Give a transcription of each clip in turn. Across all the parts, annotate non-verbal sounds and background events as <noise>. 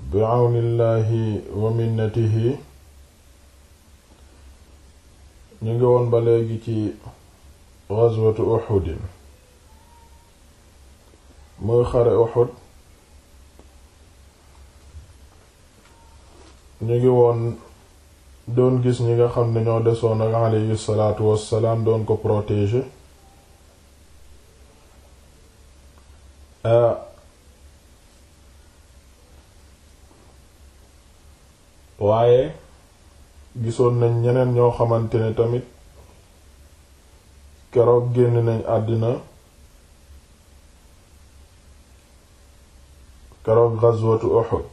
bi àwnillaahi wa minnatihi ñu ngi woon ba léegi ci ghazwatu Uhudin muy xare Uhud ñu ngi woon doon gis ñi nga xam ne ñoo desoon ak alayhi wassalaam doon ko protéger ah, waaye gisoon nañ ñeneen ñoo xamante ne tamit keroog génn nañ àddina keroog gazwatu Uhud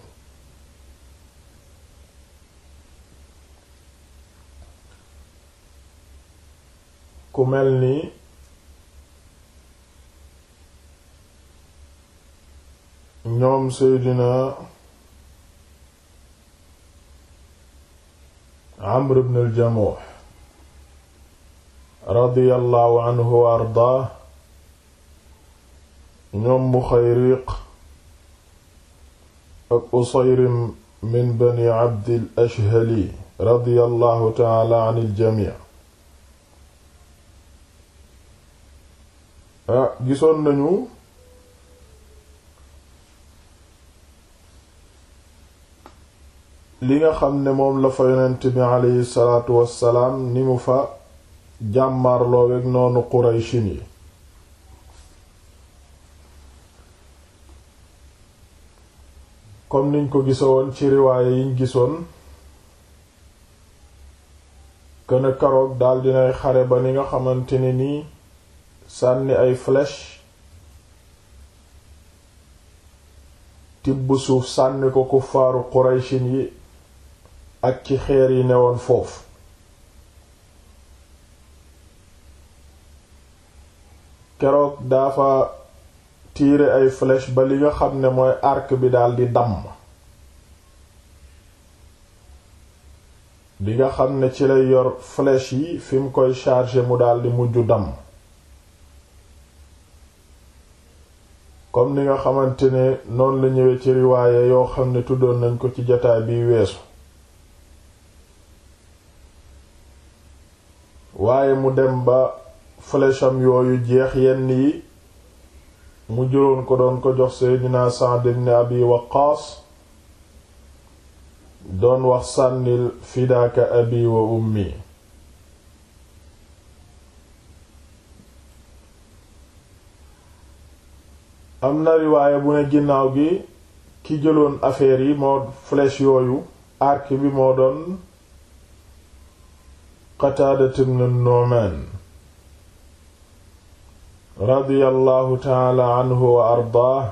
ku mel ni ñoom Seydina Amr ibn al-Jamuh radiyallahu anhu wa ardaa ñoom Muxayriq ak Usayrim min bani Abdil Ashhali radiyallahu ta'ala anil jamii ah gisoon nañu li nga xam ne moom la fa yonent bi aleyhi salaatu wassalaam ni mu fa jàmmarloo wek noonu quraychin yi comme niñ ko gisoon ci riwaaye yiñ gisoon këna karoog daal dinay xare ba ni nga xamante ne nii sànni ay flèche tibb suuf sànni ko kuffaaru quraychin yi ak ci xeer yi newoon foofu keroog dafa tiire ay flèche ba li nga xam ne mooy arc bi daal di damm bi nga xam ne ci lay yor flèche yi fim mu koy charger mu daal di mujj damm kom ni nga xamante ne noonu la ñëwee ci riwaaye yoo xam ne tuddoon nañ ko ci jataay biy weesu waaye mu dem ba flèche am yooyu jeex yenn yi mu jëloon ko doon ko jox Seydina Sa'd ibn Abi Waqqaas doon wax sànnil fidaaka abi ummi am na riwaaye bu ne ginnaaw gi ki jëloon affaire yi moo flèche yooyu arc bi moo doon Qataadat ibn Nu'maan taala anhu wa ardaah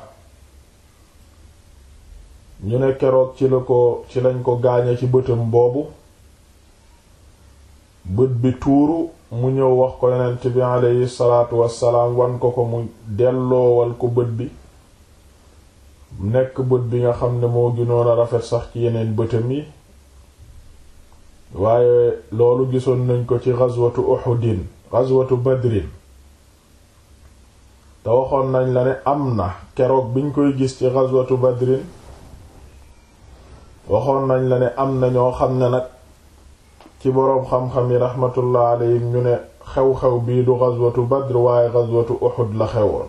ñu ne keroog ci lañ ko gaañe ci bëtam boobu bët bi tuuru mu ñëw wax ko yonent bi aleyhi salaatu wassalaam wan ko ko mu delloowal ko bët bi nekk bët bi nga xam ne moo gënoon a rafet sax ci yeneen bëtam yi waaye loolu gisoon nañ ko ci ghazwatu uhudin ghazwatu badrin te waxoon nañ la ne am na keroog biñ koy gis ci ghazwatu badrin waxoon nañ la ne am na ñoo xam ne nag ci boroom xam-xam yi rahmatullah alayhim ñu ne xew-xew bii du ghazwatu badr waaye ghazwatu uhud la xewoon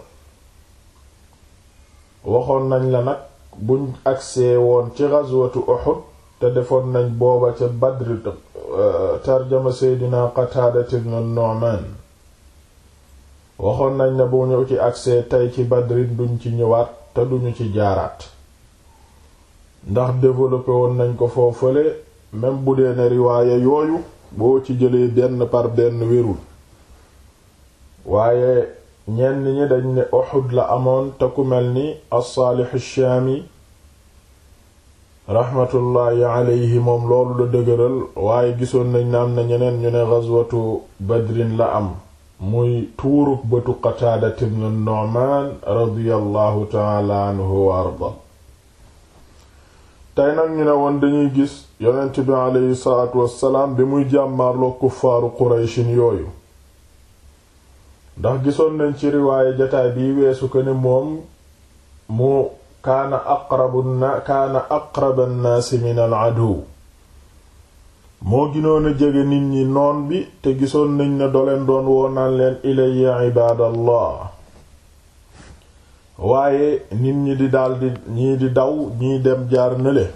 waxoon nañ la nag buñ agsee woon ci ghazwatu uhud te defoon nañ booba ca Badr euh, tarjama Seydina Qataada ibn Nu'man waxoon nañ ne bu ñëw ci agsee tey ci Badr duñ ci ñëwaat te duñu ci jaaraat ndax développé woon nañ ko foofale même bu dee ne riwaaya yooyu boo ci jëlee benn par benn wérul waaye ñenn ñi dañ ne Uhud la amoon te ku mel ni as-Saalih shaami raxmatullaahi alayhi moom loolu la dëgëral waaye gisoon nañ na am na ñeneen ñu ne gazwatu badrin la am muy tuurug bëtu qataada ibnu nu'maan radiyallahu taala anhu wa arda tey nag ñu ne woon dañuy gis yonent bi aleyhi salaatu wassalaam bi muy jàmmaarloo kuffaaru qurayshin yooyu ndax gisoon nañ ci riwaaye jataay biy weesu ko ne moom mu kaana aqrabu kaana aqraba min al aduw moo ginoon a nit ñi noon bi te gisoon nañ ne doleen doon woonaan leen ilayya ibaadallah waaye nit ñi di daldi ñii di daw ñii dem jaar nële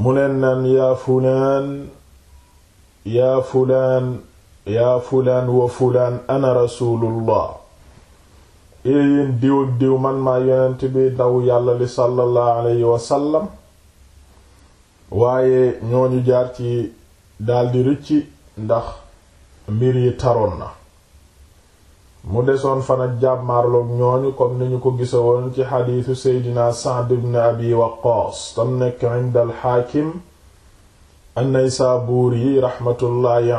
mu leen naan yaa fulaan yaa fulaan wa fulaan ana rasulullah yéen diw ak diw man maa yonent bi daw yàlla li sallallahu alayhi wa sallam waaye ñooñu jaar ci daldi rëcci ndax mbir yi taroon na mu desoon fan ak jàmmaarloog ñooñu comme ni ñu ko gisa woon ci xadiisu seydina Sa'd ibn Abi Waqqaas tam nekk inda al-Xaakim yi naysaabuuri rahmatullaahi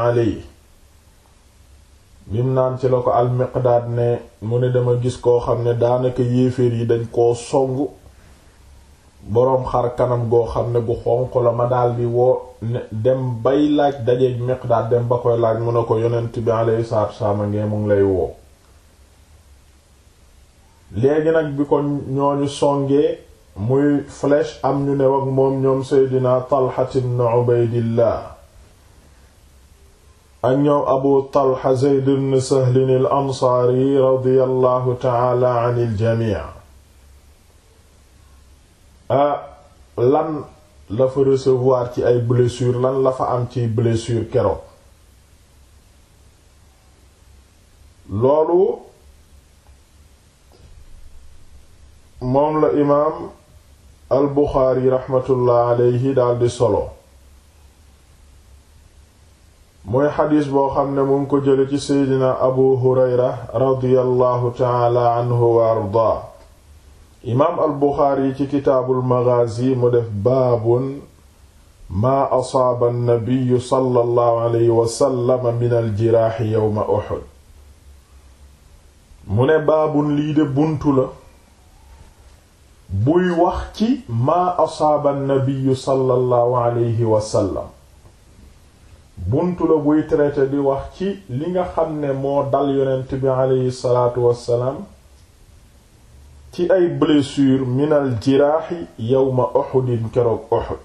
bim naan ci la ko almiqdaad ne mu ne dama gis koo xam ne daanaka yéeféer yi dañ koo song boroom xar kanam goo xam ne gu xonq la ma daldi woo dem bay laaj dajeeg miqdaad dem ba koy laaj mu ne ko yonent bi alayhi salaatu wassalaam ngee mu ngi lay woo léegi nag bi ko ñooñu songee muy flèche am ñu ne ak moom ñoom seydina Talha ibn Ubaydillah ak ñoom abu talha zayd ibn sahlin al ansaari radiyallahu taala an il jamii ah lan la fa recevoir ci ay blessure lan la fa am ci blessure keroog loolu moom la imaam al buxaari raxmatullah aleyhi daldi solo mooy xadiis boo xam ne moom ko jële ci seydina abu hurayra radiyallahu taala anhu wa ardaa imaam al buxaari ci kitaabul magazi mu def baabun maa asaaba annabiyu sallallahu alayhi wasallama min al jiraaxi yowma uhud mu ne baabun lii de buy wax ci maa asaaba annabiyu sallallahu alayhi wasallam bunt la buy traité di wax ci li nga xam ne moo dal yonent bi aleyhi salaatu wassalaam ci ay blessure minal jiraaxi yawma Uhudin keroog Uhud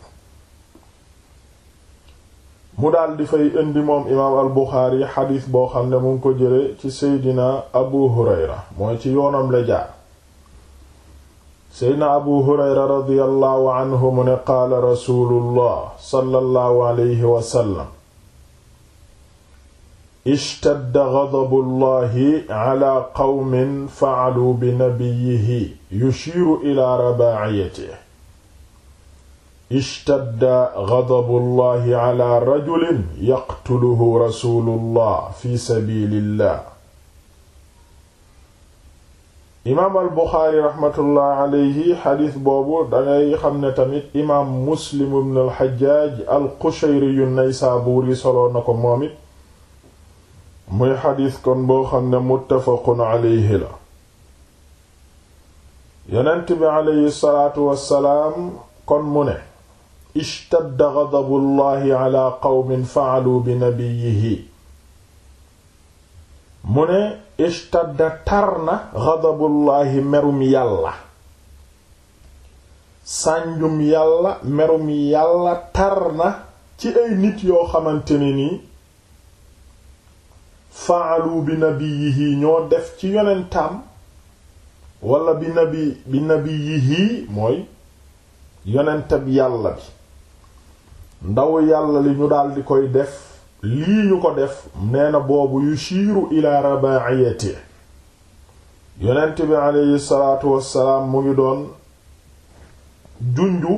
mu daal di fay indi moom imaam al Buxaari xadiis boo xam ne mu ngi ko jële ci seydina Abu Hurayra mooy ci yoonam la jaar seydina abu hurayra radiyallahu anhu mu ne qaala rasulullah sallallahu alayhi wa ishtadda ghadabu llahi ala qawmin fa'alu bi nabiyyihi yushiru ila rabaa'iyatihi ishtadda ghadabu llahi ala rajulin yaqtuluhu rasulullah fi sabilillah imaam al buxaari raxmatullah aleyhi xadiis boobu dangay xam ne tamit imaam muslim ibn al xajjaaj al qushayri yu naysaabuuri solo na ko moom it muy xadiis kon boo xam ne muttafaqun alayhi la yonent bi alayhi salaatu kon mu ne ishtadda ghadabu bi nabiyyihi mu ne ishtadda tar na ghadabullaahi merum yàlla sànjum yàlla merum yàlla tar na ci ay nit yoo xamante ni nii faalu bi nabiyihi ñoo def ci yonentaam wala bi nabi bi yi mooy yonentab yàlla bi ndaw yàlla li ñu daal koy def lii ñu ko def nee na boobu yushiiru ila rabaiyati yonent bi aleyhi salaatu wassalaam mu ngi doon junju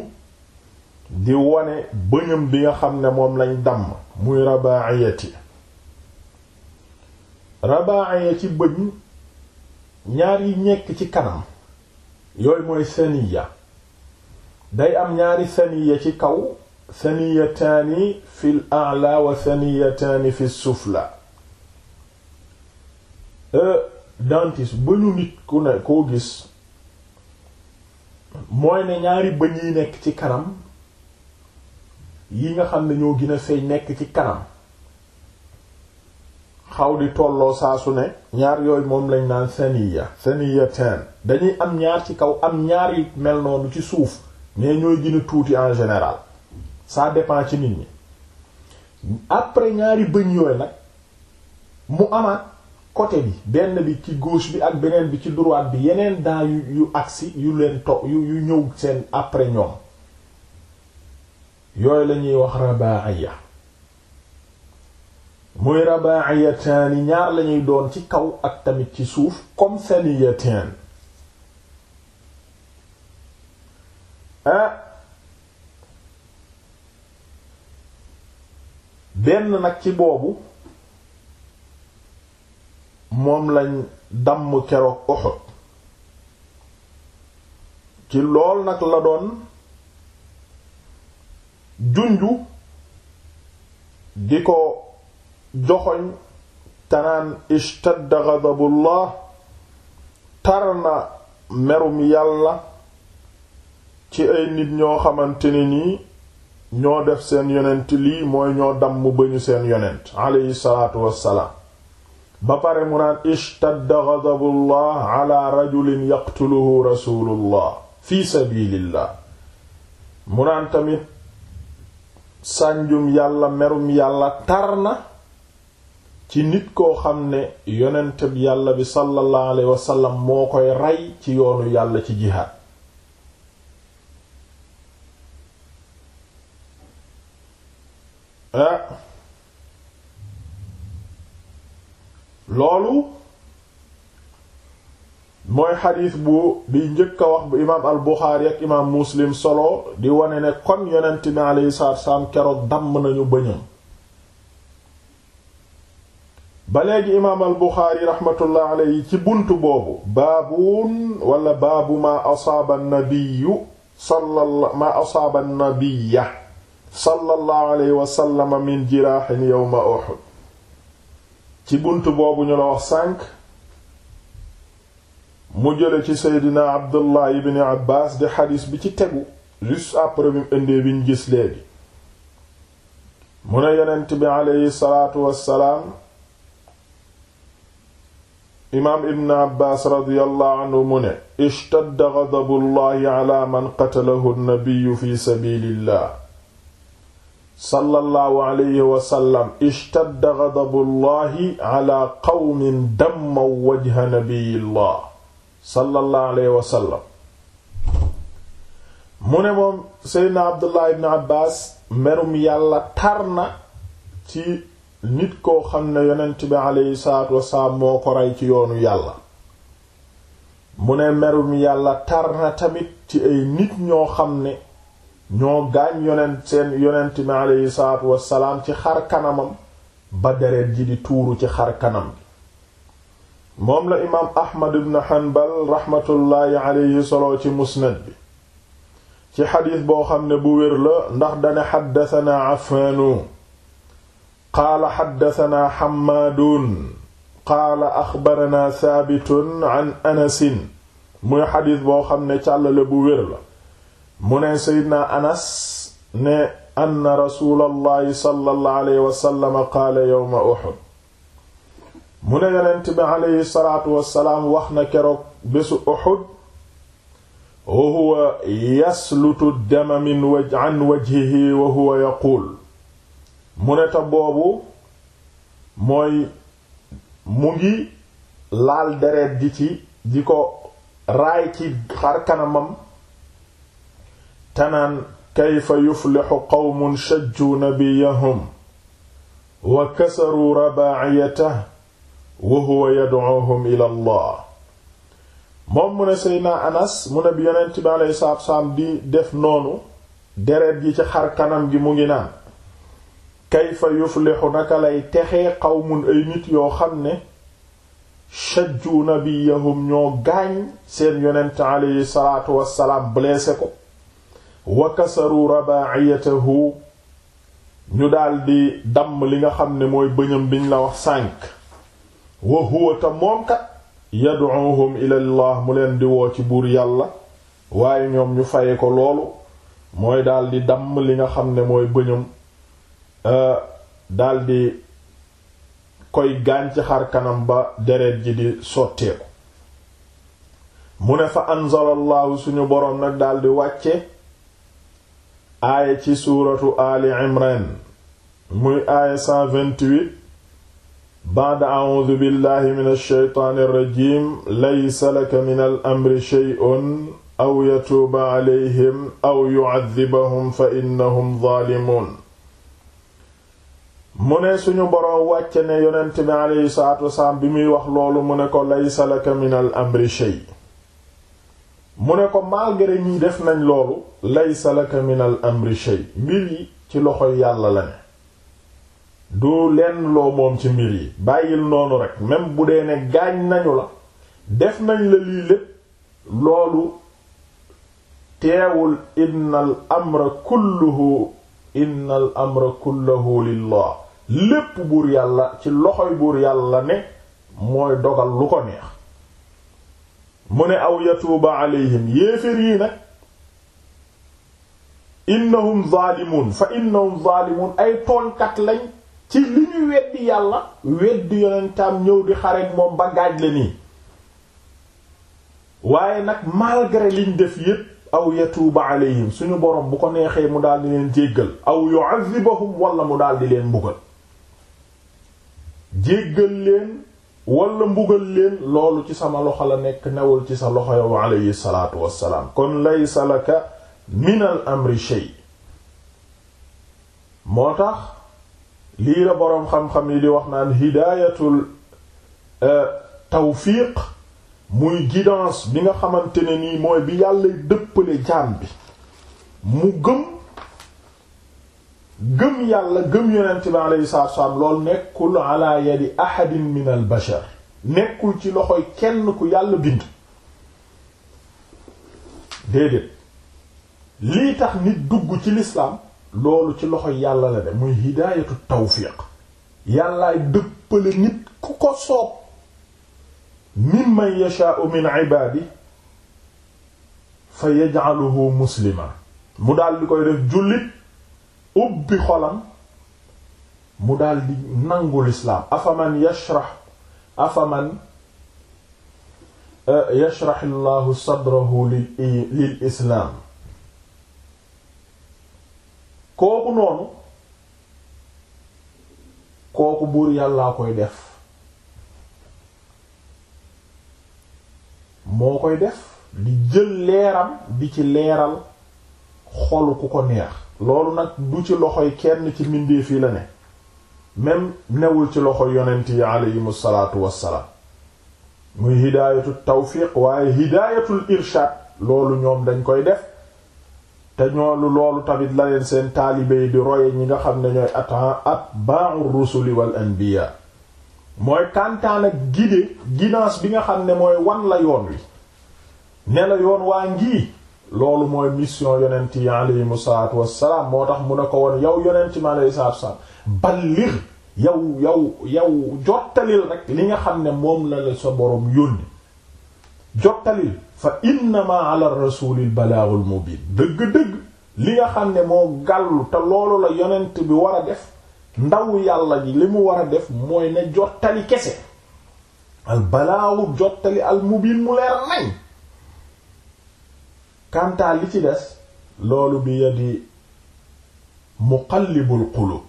di wone bëñam bi nga xam ne moom lañ damm muy rabaiyati rabaa ya ci bëñ ñaar yi nekk ci kanam yooyu mooy saniya day am ñaari saniya ci kaw saniyataani fil a'la wa saniyataani fil sufla e, dentiste bëñu nit ku ne koo gis mooy ne ñaari bëñ yi nekk ci kanam yi nga xam ne ñoo gën a nekk ci kanam xaw di tolloo saa su ne ñaar yooyu moom lañ naan saniya saniya teen dañuy am ñaar ci kaw am ñaari yu mel noonu ci suuf mais ñooy gën a tuuti en général ça dépend ci nit ñi après ñaari bëñ yooyu nag mu amaat côté bi benn bi ci gauche bi ak beneen bi ci droite bi yeneen dents yu yu agsi yu leen to yu ñëw seen après ñoom yooyu lañuy wax ya muy yi ñaar lañuy doon ci kaw ak tamit ci suuf comme saniyataan ah benn nag ci boobu moom lañ damm keroog Uhud ci lool nag la doon junju di ko joxoñ tanaan ishtadda ghadabullah tar na merum yàlla ci ay nit ñoo xamante nii ñoo def seen yonent lii mooy ñoo damm ba ñu seen yonent aleyhi salaatu wassalaam ba pare mu naan ishtadda ghadabullah ala rajulin yaqtuluhu rasulullah fi sabilillah mu naan tamit sànjum yàlla merum yàlla tar na ci nit koo xam ne yonent yàlla bi sallallahu alayhi wasallam moo koy ray ci yoonu yàlla ci jihaad ah loolu mooy xadiis bu bi njëkk a wax bu imaam al Buxaari ak imaam Muslim solo di wane ne kon yonent bi alayhi salaatu wasallam keroog damm nañu bëñam ba léegi imaam al buxaari ci buntu boobu baabuun wala baabu maa asaaba nabiyu sallallahu alayhi wasallama min jiraaxin yawma uhud ci bunt boobu ñu la mu jële ci seydina abdullah ibni abbas di xadis bi ci tegu juste après bi mu indee bi ñu mu ne yonent bi aleyhi salaatu wassalaam imaam ibn abbaas radiyallahu anhu mu ne ishtadda ghadabullahi ala man qatalahu an-nabiyyu fi sabilillah sallallahu alayhi wa sallam ishtadda ghadabullahi ala qawmin dammaw wajha nabiyillah sallallahu alayhi wa sallam mu ne moom seydna abdullah ibn abbaas merum yàlla tar na ci nit koo xam ne yonent bi aleyhi salaatu wasalaam moo ko rey ci yoonu yàlla mu ne merum yàlla tar na tamit ci ay nit ñoo xam ne ñoo gaañ yonent seen yonent bi aleyhi salaatu ci xar kanamam ba deret ji di tuuru ci xar kanam bi moom la imaam ahmad ibn hanbal raxmatullaahi aleyhi solo ci musnad bi ci xadiis boo xam ne bu wér la ndax dane xaddasanaa afaanu qaala xaddatanaa xammaadun qaala axbaranaa saabitun an anasin muy xadis boo xam ne càllale bu wér la mu ne seydna anas ne anna rasuulallahi sallallahu alayhi wasallam qaala yowma uhud mu ne yonent bi aleyhi salaatu wasalaam wax na keroog bésu uhud wa huwa yaslutu dama min waj an wajhihi wa huwa yaquul mu boobu mooy mu ngi laal deret ji ci di ko raay ci xar kanamam tanaan kayfa yuflixu qawmun shajju nabiyahum wa kasaruu rabaaciyatah wa huwa yadcuuhum ila allah moom mu ne seydna anas mu ne bi def noonu deret ji ci xar kanam gi mu ngi naan kayfa yuflixu naka lay texee qawmun ay nit yoo xam ne shajju nabiyahum ñoo gaañ seen yonent aleyhi salaatu wassalaam blessé ko wa kasaru rabaiyatahu ñu daldi damm li nga xam ne mooy bëñëm biñ la wax sànk wa huwa ta moom kat yad'uhum ila llah mu leen di woo ci buur yàlla waaye ñoom ñu faye ko loolu mooy daldi damm li nga xam ne mooy bëñam daldi koy gaañ ci xar kanam ba deret ji di sotteeku mu ne fa anzalallahu suñu boroom nag daldi wàcce aaya ci suuratu ali imran muy aaya 128 ba'da a'uudu billahi min alsheytaani irrajim laysa laka min al amri shey'un aw yatuuba alayhim aw yu'adhibahum fa innahum zaalimuun mu ne suñu boroom wàcce ne yonent bi aleyhi salaatu wasalaam bi muy wax loolu mu ne ko laysa laka min mu ne ko malgré ñi def nañ loolu laysa laka min al mbir yi ci loxoy yàlla la ne du lenn loo moom ci mbir yi bàyyil noonu rek même bu dee ne gaañ nañu la def nañ la lii lépp loolu teewul innal amra kulluhu innal amra kulluhu lillah lépp buur yàlla ci loxoy buur yàlla ne mooy dogal lu ko neex mu ne aw yatuuba alayhim yéefér yi nag innahum zaalimuun fa innahum zaalimuun ay toonkat lañ ci li ñu weddi yàlla weddi yonentam ñëw di xareek moom ba gaaj la nii waaye nag malgré liñ def yépp aw yatuuba alayhim suñu borom bu ko neexee mu daal di leen jéggal aw yu'adhibuhum wala mu daal leen mbugal jéggal leen wala mbugal leen loolu ci sama loxo la nekk newul ci sa loxo yow alayhi salaatu wassalaam kon laysa laka min al amri shay moo tax lii la boroom xam-xam yi di wax naan hidaayatul euh, tawfiq muy guidance bi nga xamante ne nii mooy bi yàlla dëppale jaan bi mu gëm gëm yàlla gëm yonent bi alayhi salaatu wassalaam loolu nekkul ala yadi min al bashar nekkul ci loxo kenn ku yàlla bind déedéet lii tax nit dugg ci lislaam loolu ci loxo yàlla la de muy hidaayatu tawfiq yàllaay dëppale nit ku ko soob mimman yashaa'u min ibaadi fa yaj'aluhu muslima mu daal di koy def jullit ubbi xolam mu daldi nangu lislaam afaman yashrax afaman eh, yashrax llahu sadrahu lil islaam kooku noonu kooku buur yàllaa koy def moo koy def di jël leeram di ci leeral xolu ku ko neex loolu nag du ci loxo yi kenn ci mbindeef yi la ne même newul ci loxo yonent yi aleyhim salaatu wassalaam muy hidaayatu tawfiq waaye hidaayatul irshaad loolu ñoom dañ koy def te ñoolu loolu tamit la leen seen taalibe yi di roye ñi nga xam ne ñooy atan atba'ur rusuli wal anbiya mooy tàntaan ak ginaas bi nga xam ne mooy wan la yoon wi ne la yoon waa ngii loolu mooy mission yonent yi aleyhimu salaatu wassalaam moo tax mu ne ko woon yow yonent mi aleyhi sa wassalaam ballir yow yow yow jottalil rek li nga xam ne moom la la sa boroom yónni jottalil fa innama ala rasulil balaagul mubiin dëgg-dëgg li nga xam ne moo gàllu te loolu la yonent bi war a def ndaw yàlla li mu war a def mooy ne jottali kese al balaagu jottali al mubiin mu leer nañ kantaa li ci des loolu bi yadi muqallibul qulub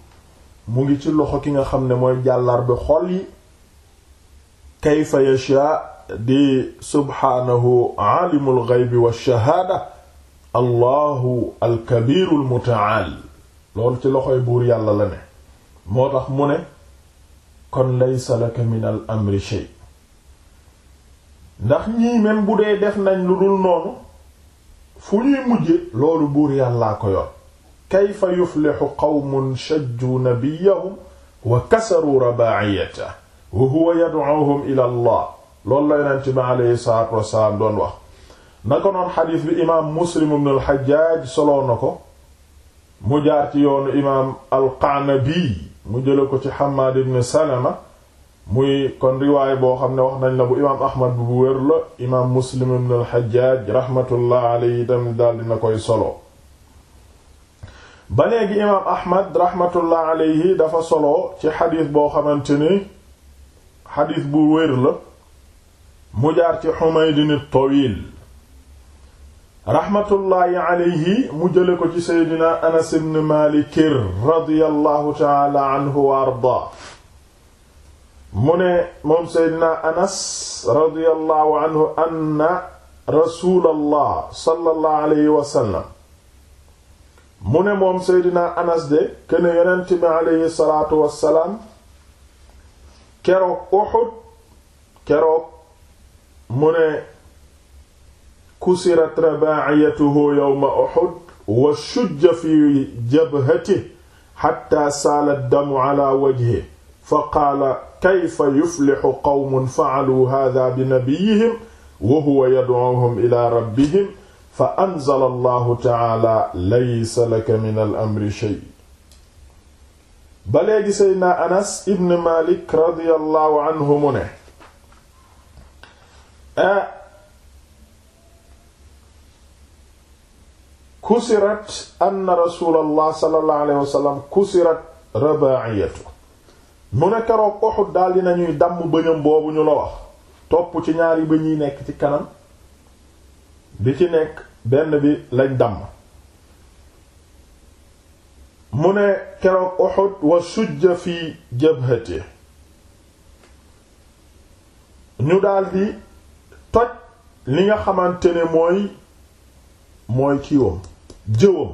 mu ngi ci loxo ki nga xam ne mooy jàllar bi xol yi kayfa yasha di subhaanahu aalimul gaybi wa shahaada allahu alkabiru almutaal loolu ci loxoy buur yàlla la ne moo tax mu ne kon laysa laka min al amri ndax ñii même bu dee def nañ lu dul noonu fu ñuy mujje loolu buur yàllaa ko yor kayfa yuflixu qawmun shajju nabiyahum wa kasaru rabaiyata wa huwa yad'uuhum ila allah loolu la yonent bi aleyhi salaatu wasalaam doon wax na ko noon xadiis bi imaam muslim ibn al-Hajjaaj soloo na ko mu jaar ci yoonu imaam al-Qanabi mu jële ko ci Hammaad ibn Salama muy kon riwaay boo xam ne wax nañ la bu imaam ahmad bu bu wér la imaam muslim ibn al-hajjaj rahmatullah alayhi tamit daal dina koy solo ba léegi imaam ahmad rahmatullah alayhi dafa solo ci xadiis boo xamante ni xadiis bu wér la mu jaar ci xumaydin at-tawil rahmatullahi alayhi mu jële ko ci seydina anas ibn malikir radiyallahu taala anhu wa arda mu ne moom seydina anas radiyallahu anhu anna rasulallah sallallahu alayhi wa sallam mu ne moom seydina anas de këne yonent bi alayhi salaatu wassalaam keroog Uhud keroog mu ne kusirat rabaa'iyatuhu yawma Uhud wa shujja fi jabhatihi hatta saala ad-damu ala wajhihi fa qaala kayfa yuflixu qawmun fa'aluu haadaa bi nabiyihim wa huwa yad'uuhum ilaa rabbihim fa anzala allahu ta'aala laysa laka min al-amri shay ba léegi seydna anas ibn malik radiyallahu anhu mu ne kusirat anna rasuulallah sallallahu alayhi wa sallam kusirat rabaa'iyatu mu ne keroog Uhud daal dinañuy damm bëñam boobu ñu la wax topp ci ñaari bëñ yi nekk ci kanam bi ci nekk benn bi lañ damm mu ne keroog Uhud wa sujja fi jabhati ñu daldi toj li nga xamante ne mooy mooy kiiwam jëwam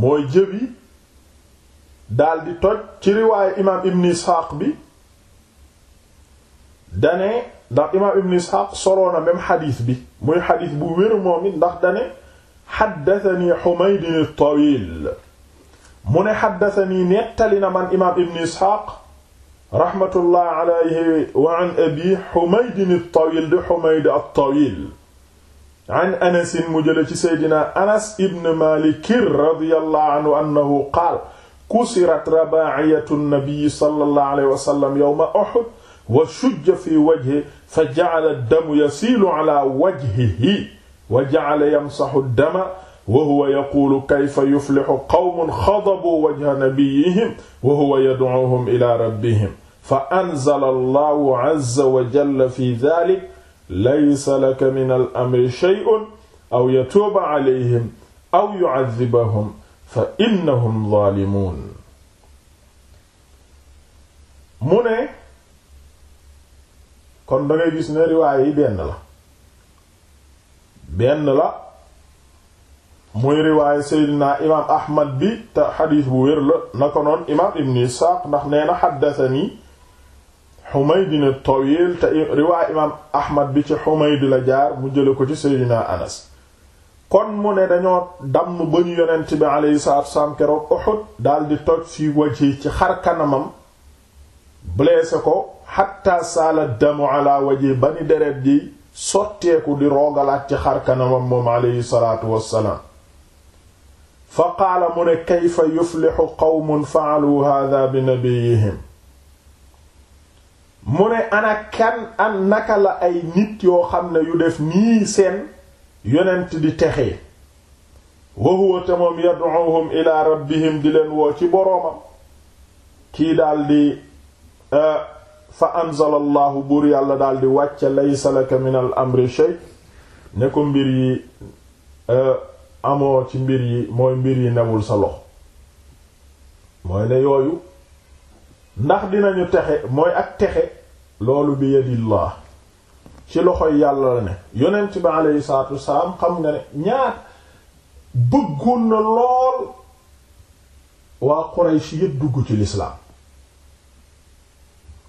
mooy jëbi daal di toj ci riwaayu imaam ibn Isxaaq bi dane ndax imaam ibn Isxaaq soloo na même bi muy xadiis bu wéru moom it ndax dane xaddatani Xumayd at-Tawiil mu ne xaddatani nettali na man imaam ibn Isxaaq raxmatullah alayhi wa an abi Xumayd at-Tawiil di Xumayd at-Tawiil an Anas mu jële ci seydina Anas ibn Maalik radiyallahu anhu annahu qaala kusirat rabaaciyatu nabiyi sallallahu alayhi wa sallam yawma Uhud wa shujja fi wajhi fa ja'ala ad-damu yasiilu ala wajhihi wa ja'ala yamsahu ad-dama wa huwa yaquulu kayfa yuflihu qawmun xadabuu wajha nabiyihim wa huwa yad'uuhum ila rabbihim fa anzala allahu azza wa jalla fi dhaalika laysa laka mina al-amri shay'un aw yatuuba alayhim aw yu'adhibahum fa innahum mu ne kon dangay gis ne riwaay yi benn la benn la muy riwaay seydina imaam ahmad bi te xadiis bu wér la na ko imaam ibn isxaaq ndax na xaddatani xumayd ne tawil imaam ahmad bi ci xumayd la jaar mu jële ko ci seydina anas kon mu ne dañoo damm ba ñu yonent bi alayhi salaatu wasalaam keroog Uhud daldi toj fi waji ci xar kanamam blessé ko xatta saala damu ala ba ni deret ji sotteeku di roogalaat ci xar kanamam moom alayhi salaatu wasalaam fa qaala mu ne kayfa yuflixu qawmun fa'alu hadha bi nabiyihim mu ne ana kan an naka la ay nit yoo xam ne yu def nii seen yonent di texee wa huwa te moom yad'uhum rabbihim di leen woo ci boroomam kii daldi eh, fa anzala allahu buur yàlla daldi wàcce laysa laka min al amri shay ne ko mbir yi eh, amoo ci mbir yi mooy mbir yi newul sa lox mooy ne yooyu ndax dinañu texe mooy ak texe loolu bi yadillah ci loxoy yàlla la ne yonent bi aleyhi salaatu wasalaam xam nga ne ñaar bëggoon na lool waa Quraysh yépp dugg ci lislaam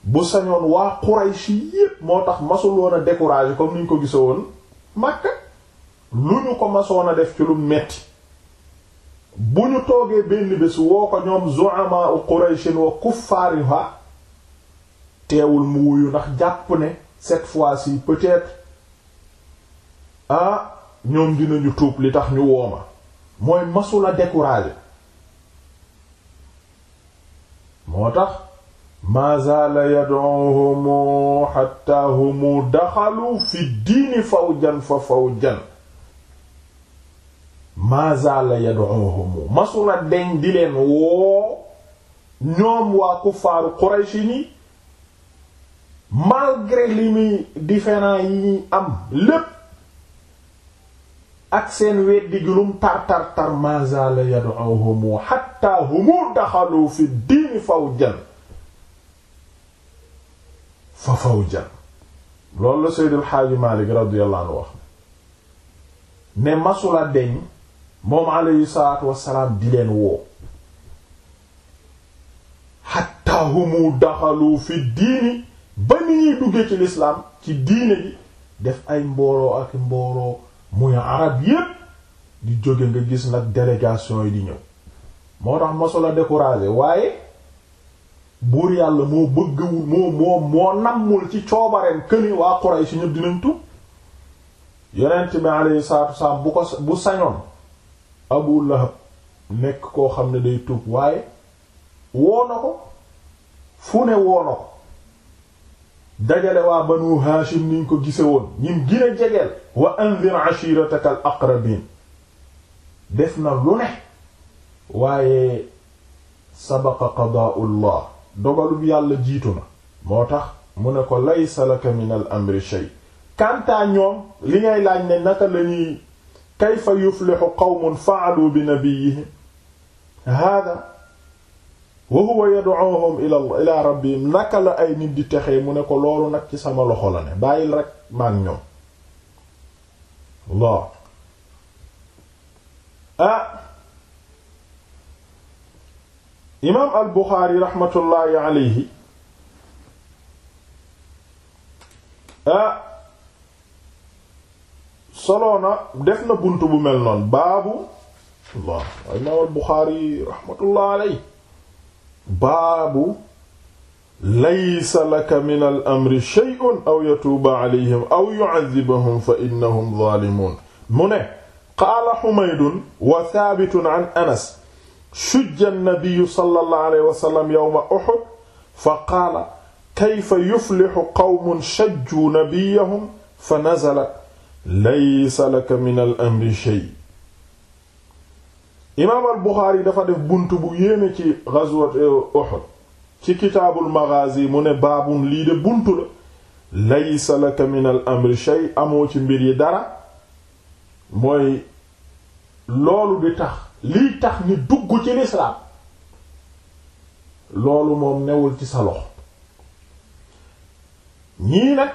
bu sañoon waa Quraysh yépp moo tax masul woon a décourager comme ni ñu ko gisa woon Makka lu ñu ko masoon a def ci lu metti bu ñu toogee benn bés woo ko ñoom zu'ama u Qurayshin wa kuffaariha teewul mu wuyu ndax jàpp ne cette fois si peut-être ah ñoom dinañu tuub li tax ñu wooma mooy masula découragé moo tax ma zaala yad'uhum hatta hum daxalu fi diini fawjan fa fawjan ma zaala yad'uhum masula deñ di leen woo ñoom waa kuffaaru Quraysh ni malgré li muy différent yi ñuy am lépp ak seen weddi gilum tar tar tar ma zaala yad'uhum hatta hum daxalu fi diini fawjan fa fawjan loolu la Seydil Xaaji Maalik radiyallahu wax ne masula deñ moom alayhi salaatu wassalaam di leen woo hatta hum daxalu fi ba ni ñuy duggee ci lislaam ci diine ji def ay mbooloo ak mbooloo muy arab yépp di jóge nga gis nag délégation yi di ñëw moo tax masola découragé waaye buur yàlla moo bëggawul moo moo moo nammul ci coobareem këni waa Quraysh ñëpp dinañ tub yonent bi alayhi salaatu wasalaam bu ko bu sañoon Abu Lahab nekk koo xam ne day tub waaye woo ko fu ne woo ko dajale waa banu haashim niñ ko gise woon ñim gën a jegeel wa anzir ashirataka al aqrabin def na lu ne waaye sabaqa qadaa'ullah dogalub yàlla jiitu na moo tax mu ne ko laysa laka min al amri shay kantaa ñoom li ngay laaj ne naka lañuy kayfa yuflixu qawmun fa'alu bi nabiyyihim hada wa huwa yad'uhum ila ila naka la ay nit di texee mu ne ko loolu nag ci sama loxo la ne bàyyil rek maak ñoom Allah ah imaam al Buxaari alayhi ah, soloona def na bunt bu mel noonu baabu Allah imaam al Buxaari alayhi baabu laysa laka min al amri shay'un aw yatuuba alayhim aw yu'adhibahum fa innahum zaalimuun mu ne qaala xumaydun wa thaabitun an anas shujja nabiyu sallallahu alayhi wa sallam yawma uhud fa qaala kayfa yuflixu qawmun shajjuu nabiyahum fa nazalat laysa laka min al amri shay' imaam al Buxaari dafa def bunt bu yéeme ci ghazwat euh, Uhud ci kitaabul maghazi mu ne baabun lii de bunt la laysa laka min al amri shay amoo ci mbir yi dara mooy loolu di tax liy tax ni dugg ci lislaam loolu moom newul ci sa loxo ñii nag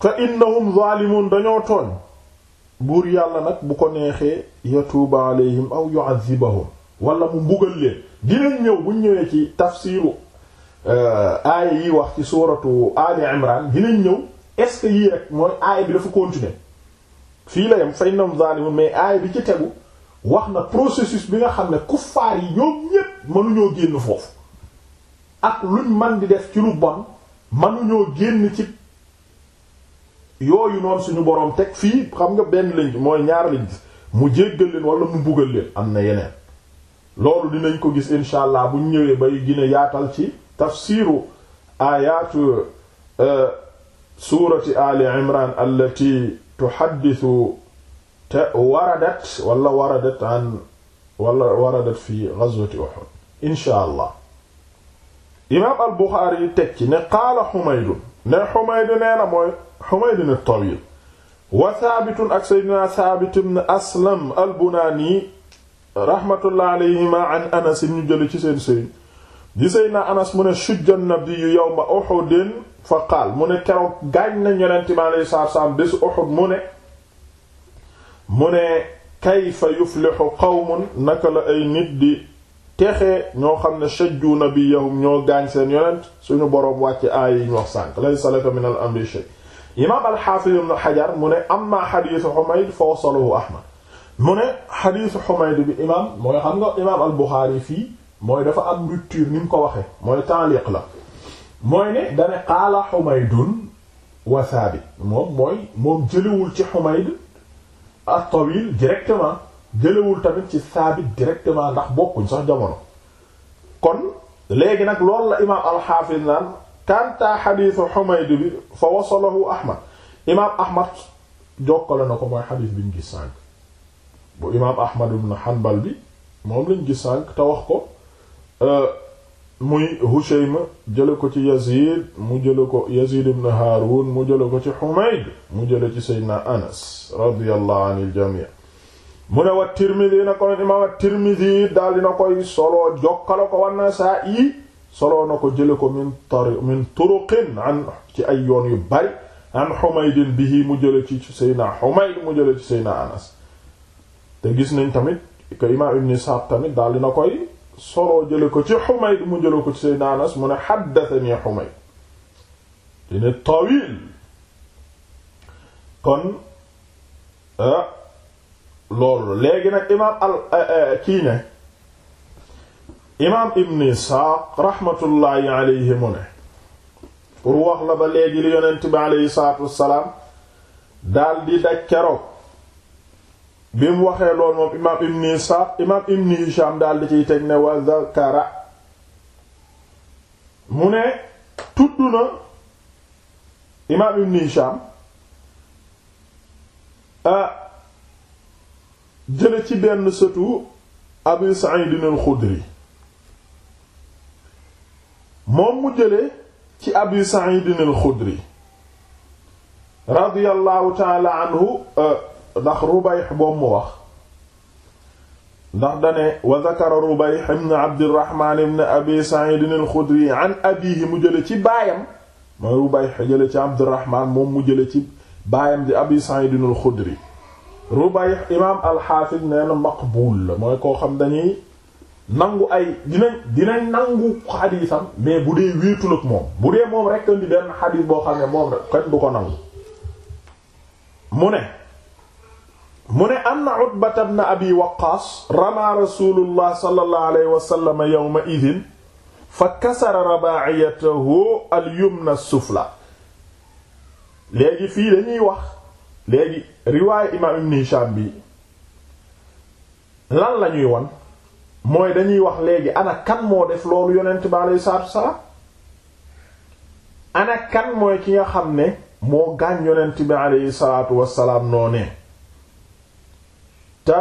fa innahum zaalimuun dañoo tooñ buur yàlla nag bu ko neexee yatuuba alayhim aw yu'adhibahum wala mu mbugal leen dinañ ñëw buñ ñëwee ci tafsiru euh, aaya yi wax ci suuratu ali imran dinañ ñëw est-ce que yii rek mooy aaya bi dafa continuer fii la yam fa innahum zalimun mais aaya bi ci tegu wax na processus bi nga xam ne kuffaar yi ñoom ñépp mënuñoo génn foofu ak luñ man di def ci lu bon mënuñoo génn ci yooyu noonu suñu boroom teg fii xam nga benn lañ mooy ñaar gis mu jéggal leen wala mu buggal am na yeneen loolu dinañ ko gis incha allah buñ ñëwee ba gën a yaatal ci tafsiru ayatu euh, surati ali imran allati tuhaddithu te waradat wala waradat an wala waradat fi ghazwati uhud incha allah imaam al buxaari teg ci ne qaala xumaydun ne xumaydu mooy Humayd at yi wa Thabitun ak Seydina Thabit ibn Aslam al-Bunani rahmatullah alayhima an ñu jële ci seen sëriñ di Seydina Anas mu ne shujja an-nabiyyu yawma Uhud fa qaal mu ne keroog gaañ nañ yonent mi alayhi salaatu salaam bésu Uhud mu ne mu ne kayfa yuflihu qawmun naka la ay nit di texee ñoo xam ne shajju nabiyahum ñoo gaañ seen yonent suñu boroom wàcce aay yi ñu wax sànk laysa laka minal amri imaam al-Hafiz ibn Hajar mu ne amma xadiisu Humayd fa wasalahu Ahmad mu ne xadiisu Humayd bi imaam mooy xam nga imaam al fii mooy dafa am rupture ni mu ko waxee mooy ta'liq la mooy ne dane qaala Humaydun wa Thabit moom mooy moom jëlewul ci Humayd at-Tawil directement jëlewul tamit ci Thabit directement ndax bokkuñ sax jamono kon léegi nag loolu la imaam al naan kanta xadiisu Humayd bi fa wasalahu Ahmad imaam Ahmad jokkale na ko mooy xadiis bi ñu gis sànq bu imaam Ahmad ibn Hanbal bi moom lañ gis sànq te wax ko euh, muy Hushaym jële ko ci Yazid mu jële ko Yazid ibn Harun mu jële ko ci Humayd mu jële ci Seydina Anas radiyallahu anil jamii mu ne wa Tirmidhi na ko imaam at-Tirmidhi daal dina koy solo jokkale ko wa Nasa'i soloo na ko jële ko min tariq min turuqin an ci ay yoon yu bari an Humaydin bi mu jële ci Seydina Humayd mu jële ci Seydina Anas te gis nañ tamit que imaam Ibn Sa'd tamit daal dina koy soloo jële ko ci Humayd mu jële ko ci Seydina Anas mu ne haddathani Humayd dina tawil kon ah, loolu léegi nag eh, eh, kii ne imaam ibn isxaaq raxmatullaahi alayhi mu ne pour wax la ba léegi li yonent bi aleyhi salaatu wassalaam daldi daj keroog bi mu waxee lool moom imaam ibn isxaaq imaam ibn hisham daldi ciy teg ne wa zakara mu ne tudd na imaam ibn hisham a jële ci benn sëtu abu sa'id al xudri moom mu jëlee ci abi sa'idin al-xudri radiyallahu taala anhu euh, ndax rubayx boobu mu wax ndax dane wa zakara rubayx ibn abdirahman ibn abi sa'idin al-xudri an abihi mu jële ci baayam mooy rubayx jële ci abdirahman moom mu jële ci baayam di abi sa'idin al-xudri rubayx imaam al-xaafis nee na maqbuul la mooy koo xam dañuy nangu ay dinañ dinañ nangu xadiisam mais bu dee wéetul moom bu dee moom rekk indi benn xadiis boo xam ne moom rek kenn du ko nangu mu ne mu ne anna Utbata ibn Abi Waqqaas rama rasulullah sallallahu alayhi wa sallam yawma idhin fa kasara rabaa'iyatahu al-yumna sufla léegi fii dañuy wax léegi riwaayu imaam Ibn Hisham bi lan lañuy won mooy dañuy wax léegi ana kan moo def loolu yonent bi aleyhi salaatu wasalaam ana kan mooy ki nga xam ne moo gaañ yonent bi aleyhi salaatu wasalaam noonee te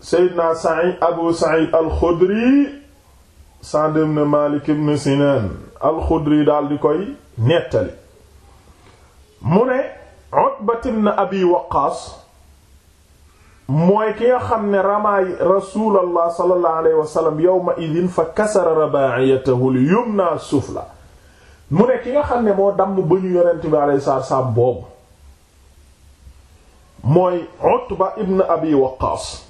Seydina Sa'id Abu Sa'id al-Khudri Sa'd ibn Malik ibn Sinan al-Khudri daal di koy nettali mu ne Utbat ibn Abi Waqqas mooy ki nga xam ne ramaay rasulallah sallallahu alayhi wa sallam yawma idin fa kasara rabaiyatahu li yumna sufla mu ne ki nga xam ne moo damm ba ñu yonent bi alayhi salaatu salaam boobu mooy Utba ibn Abi Waqqaas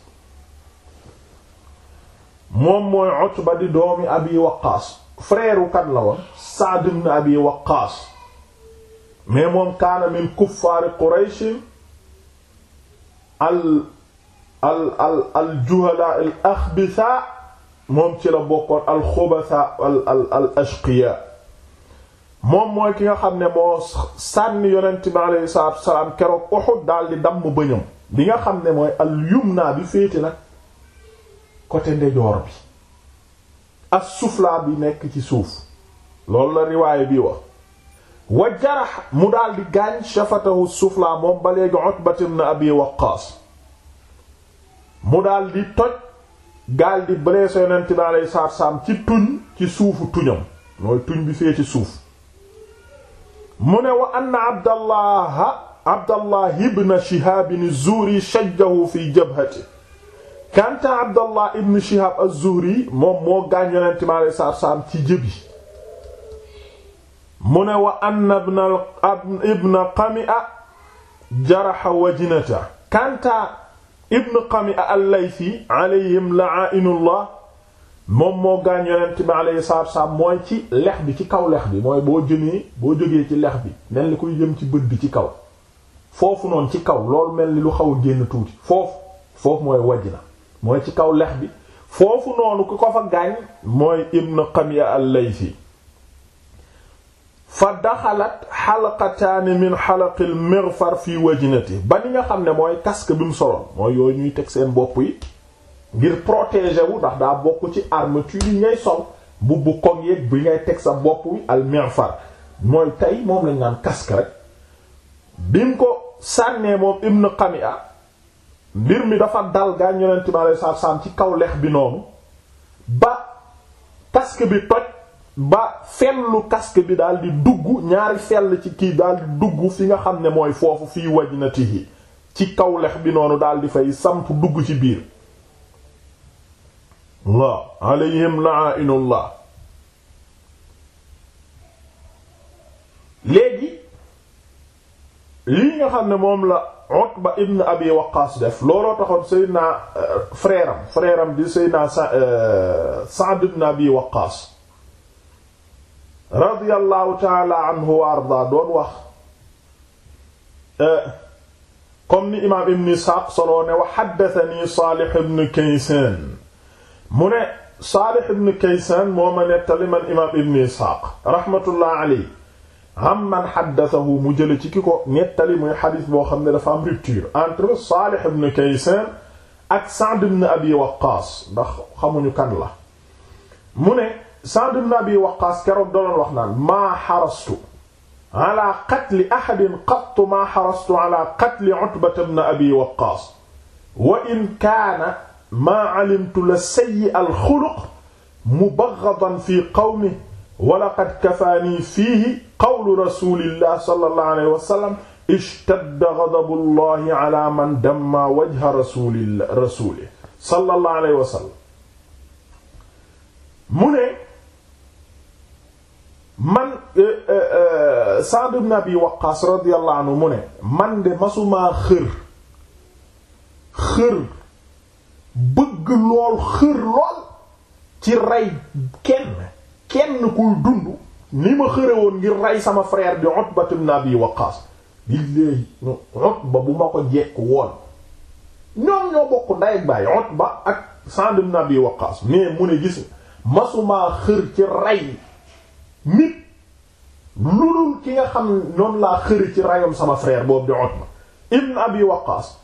moom mooy Utba di doomi Abi Waqqaas frère wu kan la woon Sa'd ibn Abi Waqqaas mais moom kaana min kuffaari Quraysh al al al al juhala al axbisa moom ci la bokkoon al xubasa al al al ashqiya moom mooy ki nga xam ne moo sànni yonent bi aleyhi salaatu keroog Uhud daal di damm bëñam bi nga xam ne mooy al yumna bi féete nag côté ndejoor bi as sufla bi nekk ci suuf loolu la riwaay bi wax wa jarax mu daal di gaañ shafatahu sufla moom ba léegi Utbat ibn Abi mu daal di toj gaal di blessé bi aleyhi salaatu salaam ci tuñ ci suufu tuñam mooy tuñ bi fee ci suuf mu ne wa anna abdallaha abdallah ibn shihab az shajjahu fi jabhati kanta abdallah ibn shihab az moom moo gaañ ci jëbi mu ne wa anna ibn ibn qami'a jaraha wajinata kanta ibn Qami'a al la alayhim la'inullah moom moo gaañ yonent bi alayhi salaatu salaam mooy ci lex bi ci kaw lex bi mooy boo jëmee boo jógee ci lex bi mel ni kuy jëm ci bët bi ci kaw foofu noonu ci kaw loolu mel ni lu xaw a génn tuuti foofu foofu mooy waj na mooy ci kaw lex bi foofu noonu ku ko fa gaañ mooy ibn Qami'a al-Laythi fa daxalat xalqataani min xalaqil mighfar fi wajnati ba ni nga xam ne mooy casque bi mu soloon mooy yooyu ñuy teg seen bopp yi ngir protéger wu ndax daa bokk ci armature yi ngay sol bu bu koŋ yeeg bi ngay teg sa bopp wi al mighfar mooy tey moom lañ naan casque rek bi mu ko sànnee moom ibn Qami'a mbir mi dafa dal gaañ yonent bi alayhi salaam ci kaw lex bi noonu ba casque bi toj ba fellu casque bi daal di dugg ñaari fell ci kii daal di dugg fi nga xam ne mooy foofu fii waj ci kaw lex bi noonu daal di fay samp dugg ci biir waaw alayhim la'inullah léegi lii nga xam ne moom la Utba ibn Abi Waqqas def looloo taxoon Seydina euh, frère am frère am di Seydina euh, Sa'd ibn Abi Waqqas radiyallahu taala anhu wa arda doon wax euh, comme ni imaam ibn Isxaaq soloo ne wa xaddatani Saalix ibn Kaysaan mu ne Saalix ibn Kaysaan moo ma nettali man imaam ibn Isxaaq rahmatullah aley am man xaddasahu mu jële ci ki ko nettali muy xadis boo xam ne dafa am rupture entre Saalix ibn Kaysaan ak Sa'd ibn Abi Waqqaas ndax xamuñu kan la mu ne Sa'd ibn Abi Waqqaas keroog doloon wax naan maa xarastu ala qatli ahadin qattu maa xarastu ala qatli Utbata ibn Abi Waqqaas wa in kaana maa alimtu la sayyi alxuluq mubaghadan fi qawmi wa laqad kafaanii fiihi qawlu rasuulillah sallallahu alayhi wa sallam ishtadda ghadabullahi ala man damma wajha rasuulillah rasuulihi sallallahu alayhi wa sallam mu ne man euh, euh, euh, Sa'd ibn Abi Waqqas radiyallahu mu ne man de masumaa xër xër bëgg lool xër lool ci rey kenn kenn kuy dund ni ma xëre woon ngir rey sama frère di Utba ibn Abi Waqqas billahi bu ma ko jekk woon ñoom ñoo bokk ndey ak baay Utba ak Sa'd ibn Abi Waqqas mu ne gis masumaa xër ci rey nit lu dul ki nga xam noonu laa xëri ci rayom sama frère boobu di Utba ibn Abi Waqqas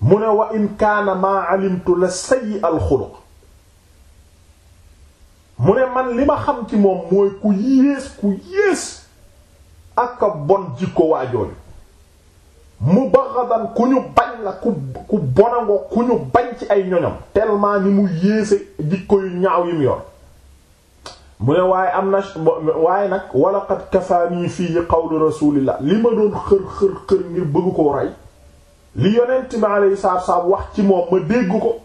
mu ne wa in kaana maa alimtu la sayyi al xuluq mu ne man li ma xam ci moom mooy ku yées ku yées ak a bon jikko waajooju mu baxadan ku ñu bañ la ku ku ku ñu bañ ci ay ñoñam tellement ni mu yéese jikko yu ñaaw yi mu mu ne waaye am na waaye nag wala qad kafaani fii qawlu rasulillah li ma doon xër xër xër ngir bëgg koo rey li yonent bi alayhi salaatu salaam wax ci moom ma dégg ko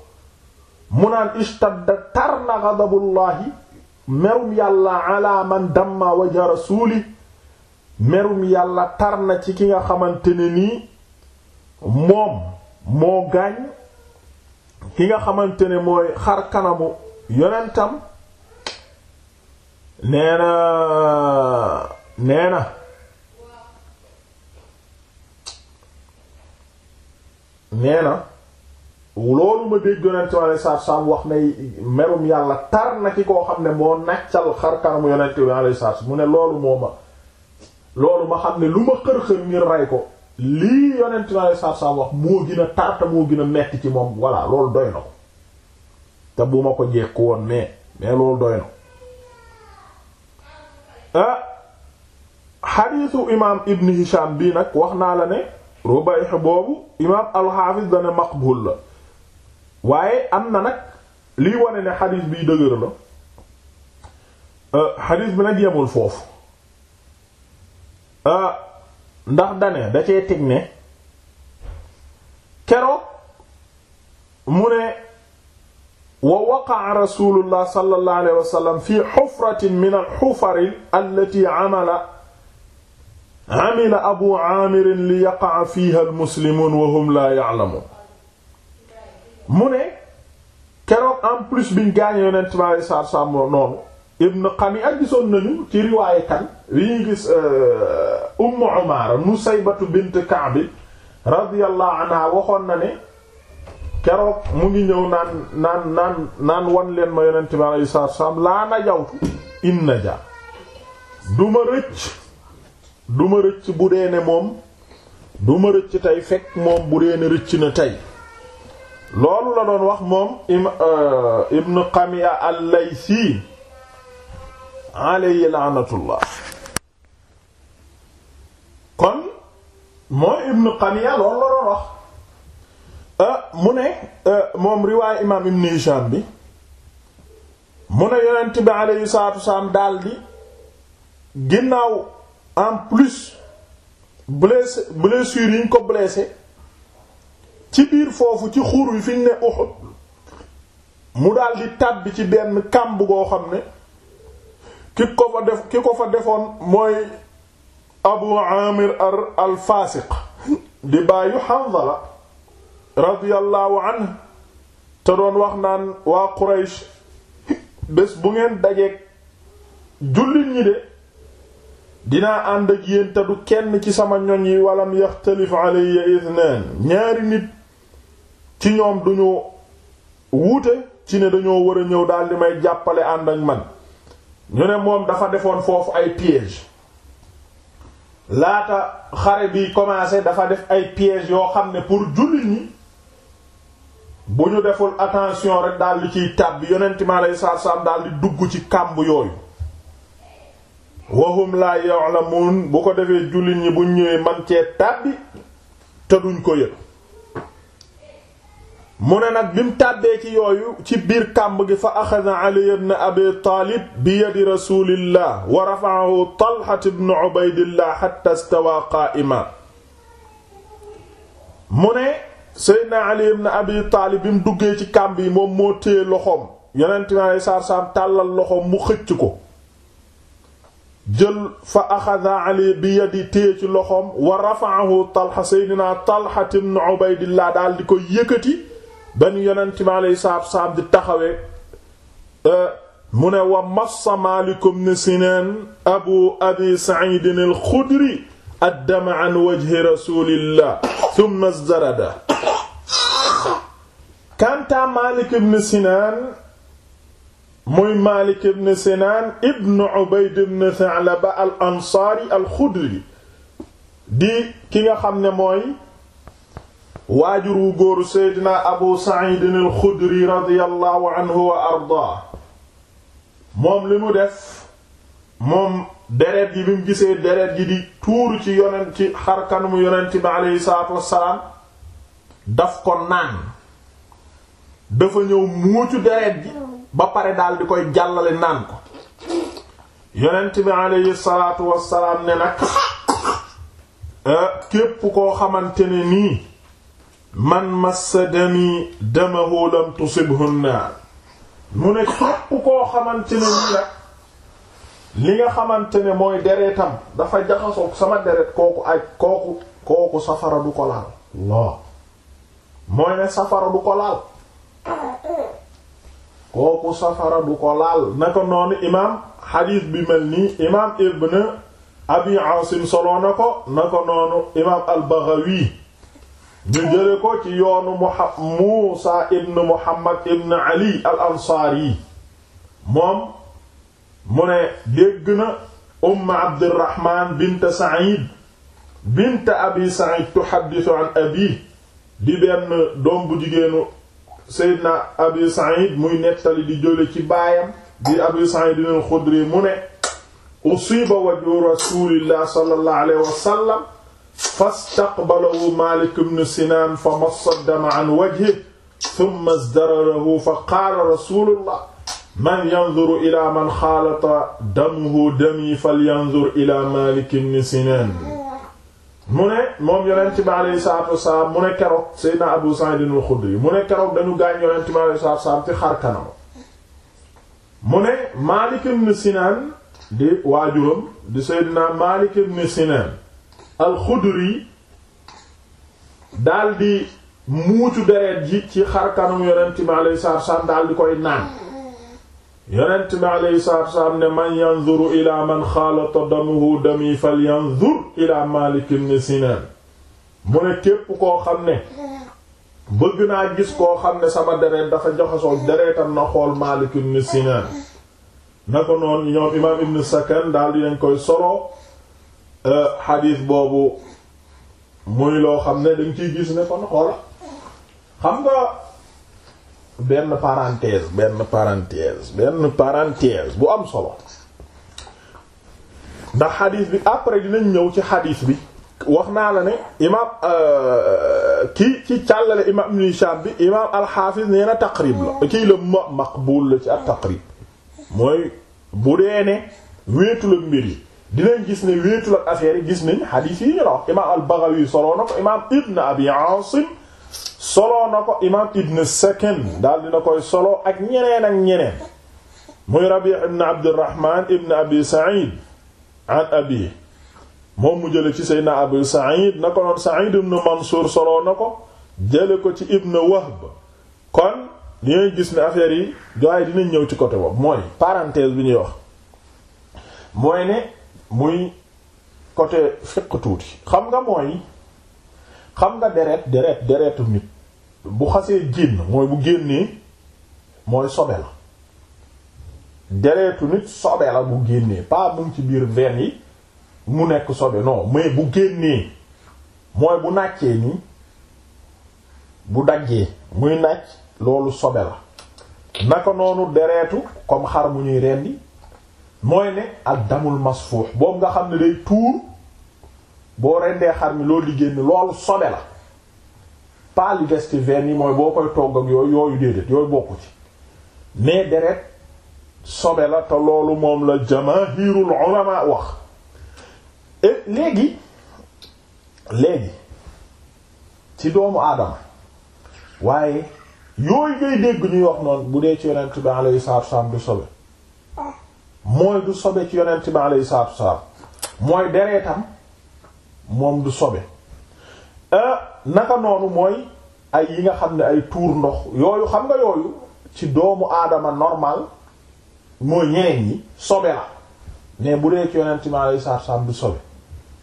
mu naan istadda tar na ghadabullahi merum yàlla ala man damma wajha rasuli merum yàlla tar na ci ki nga xamante ne nii moom moo gaañ ki nga xamante ne mooy xar kanamu yonentam nee na nee na nee na loolu ma dégg yonent bi alayhi salaatu salaam wax ne merum yàlla tar na ki koo xam ne moo naccal xar kanamu yonent bi alayhi salaatu salaam mu ne loolu moo ma loolu ma xam ne lu ma xër-xër ngir rey ko lii yonent bi alayhi salaatu wax moo gën tar te moo gën metti ci moom voilà loolu doy na ko te bu ma ko jekk woon mais mais loolu doy na Ah, xadiisu imaam ibn hisham bii nag wax naa la ne rubayx boobu imaam alxaafis dana maqbul la waaye am na nag liy wane ne xadiis biy dëgër la ah, xadiis bi na yemul foofu ah, ndax dane da cee teg ne keroog mu ne wa waqaa rasulullah sallallahu alayhi wa sallam fi xufratin min alxufari allati amala amila abu aamirin li yaqaa fiha almuslimun wa hum laa ya'lamuun mu ne keroog en plus biñ gaañee yonent bi alei saatu salaam noonu ibn Qami ak gisoon nañu ci riwaaye kan li ñuy gis euh, Ummu Umaara Nusaybatu bint Ka'b radiyallahu anha waxoon na ne keroog mu ngi ñëw naan naan naan naan wan leen ma yonent bi alayhi salaatu salaam laa na jawtu in na duma rëcc duma rëcc bu dee moom duma rëcc tey fekk moom bu dee rëcc na tey loolu la doon wax moom euh, ibn Qamiya al-Laysi alayhi kon mooy ibn Qamiya loolu la doon wax Euh, mu ne euh, moom riwaay imaam ibn bi mu ne yonent bi alayhi salaatu wasalaam daldi ginnaaw en plus blessé blessure yi ñu ko blessé ci biir foofu ci xuur wi fi ñu ne Uhud mu daldi tàbbi ci benn kàmb goo xam ne ki ko fa def ki ko fa defoon mooy Abu Amir al al Fasiq di bàyyu Hanzala radiyallahu anhu te doon wax naan waa Quraysh bés bu ngeen dajeek jullit ñi de dinaa ànd ak yéen te du kenn ci sama ñoñ yi walam yaxtalif alayya ithnan ñaari nit ci ñoom duñu wuute ci ne dañoo war a ñëw daal di may jàppale ànd ak man ñu ne moom dafa defoon foofu ay piège laata xare bi commencé dafa def ay piège yoo xam ne pour jullit ñi bu ñu deful attention rek daal di ciy tàbbi yonent mi aleyhi salaatu salaam dugg ci kàmb yooyu wahum laa ya'lamun bu ko defee jullit ñi buñ ñëwee man cee tàbbi te duñ ko yëg mu ne nag bi mu tàbbee ci yooyu ci biir kàmb gi fa axada ali ibn abi taalib bi yadi rasulillah wa rafa'ahu talhat ibn ubaydillah hatta stawa qaa'ima mu ne Seydina Ali ibn Abi Taalib bi mu duggee ci kàmb yi moom moo téye loxoom yonent mi aleyhi salaatu salaam tàllal loxoom mu xëcc ko jël fa axada Ali bi yadi téye ci loxoom wa rafa'ahu Talha Seydina Talha ibn Ubaydillah daal di ko yëkkati ba nu yonent mi aleyhi salaatu salaam di taxawee eh, mu ne wa massa Maalik ibn Sinaan abu Abi Sa'iid al-Xudri addama an wajhi rasulillah thumma zarada kanta Malik ibn Sinan muy Malik ibn Sinan ibn Ubayd ibn Tha'laba al ansaari al xudri di ki nga xam ne mooy waajur wu góoru Seydina Abu Sa'id al xudri radiyallahu anhu wa ardaa moom li mu def moom deret ji bi mu gisee deret ji di tuuru ci yonent ci xarkanamu yonent bi aleyhi salaatu wassalaam daf ko naan dafa ñëw muucu deret ji ba pare daal di koy jàllale naan ko yonent bi aleyhi salaatu wassalaam ne nag <coughs> eh, képp koo xamante ni nii man massa dami mu ne képp koo xamante ne nag li nga xamante ne mooy deretam dafa jaxasoog sama deret kooku aj kooku kooku safara du ko laal mooy ne safara du ko laal kooku safara du ko laal na ko noonu imaam xadiis bi mel nii imaam ibn abi asim solo ko na ko noonu imaam al-Baghawi ñu jële ko ci yoonu Musa ibn Muhammad ibn Ali al-Ansari moom mu ne dégg na umm abdirahman bint said bint abi said tuhaddisu an abi di benn doom bu jigéenu seydna abi said muy nettali di jóle ci baayam di abi said al xudri mu ne usiba wajhu rasulillah sallallahu alayhi wa sallam fastaqbalahu malik ibn sinan fa massa dama an wajhi thumma izdararahu fa qaala rasulullah man yanzuru ila man xaalata damuhu dami falyanzur ila Maalik ibn Sinaan mu ne moom yonent bi aleyhi salaatu wasalaam mu ne keroog Seydina Abu Sa'id al-Xudri mu ne keroog dañu gaañ yonent bi aleyhi salaatu wasalaam ci xar kanam mu ne Maalik ibn di waajuram di Seydina Maalik Sinaan al-Xudri daldi muucu deret ji ci xar kanam yonent bi aleyhi salaatu wasalaam daldi koy naan yonent bi alayhi salaatu wasalaam ne man yanzuru ila man xaalata damuhu dami fal yanzur ila Maalik Sinaan mu ne képp koo xam ne bëgg naa gis koo xam ne sama deret dafa joxasoog deretam na xool Maalik ibn Sinaan na ko noonu ñoom imaam ibn Sakan daal dinañ koy solo euh, xadiis boobu muy loo xam ne dañ ciy gis ne kon xoola xam nga benn parenthèse benn parenthèse benn parenthèse bu am solo ndax xadiis bi après dinañ ñëw ci xadiis bi wax naa la ne imaam euh, kii ci càllale imaam Ibn Hishaam bi imaam al-Hafiz nee taqrib la kii la ma maqbul la ci ak taqrib mooy bu dee ne wéetul ak mbir yi dinañ gis ne wéetul ak affaire gis ni xadiis yi ñu la wax imaam al-Baghawi Ibn Abi Aasim solo na ko imaam ibn Sakin daal dina koy solo ak ñeneen ak ñeneen muy Rabi' ibn Abdurrahman ibn Abi Sa'id an abi moom mu jële ci seyna Abu Sa'id na ko noon Sa'id ibn Mansuur solo na ko jële ko ci ibn Wahb kon dinañ gis ne affaire yi doy dinañ ñëw ci côté boobu mooy parenthèse bi ñuy wax mooy ne muy côté fiq tuuti xam nga mooy xam nga deret deret deretu nit bu xasee génn mooy bu génnee mooy sobe la deretu nit sobe la bu génnee pas mu ci biir veine yi mu nekk sobe non mais bu génnee mooy bu nàccee nii bu daggee muy nàcc loolu sobe la naka noonu deretu comme xar mu ñuy rendi mooy ne ak damul masfuux boobu nga xam ne day tuur boo rendee xar mi loolu di génn loolu sobe la pas li des ci yi mooy boo koy togg ak yooyu yooyu déedéet yooyu bokku ci mais deret sobe la te loolu moom la jamaahirul ulama wax léegi léegi ci doomu aadama waaye yooyu ngay dégg ñuy wax noonu bu dee ci yonent bi alayhi salaatu wassalaam du sobe mooy du sobe ci yonent bi alayhi salaatu mooy deretam moom du sobe euh, naka noonu mooy ay yi nga xam ne ay tuur ndox yooyu xam nga yooyu ci doomu aadama normal mooy ñeneen ñi sobe la mais bu dee ci yonent mi alayhi salaatu salaam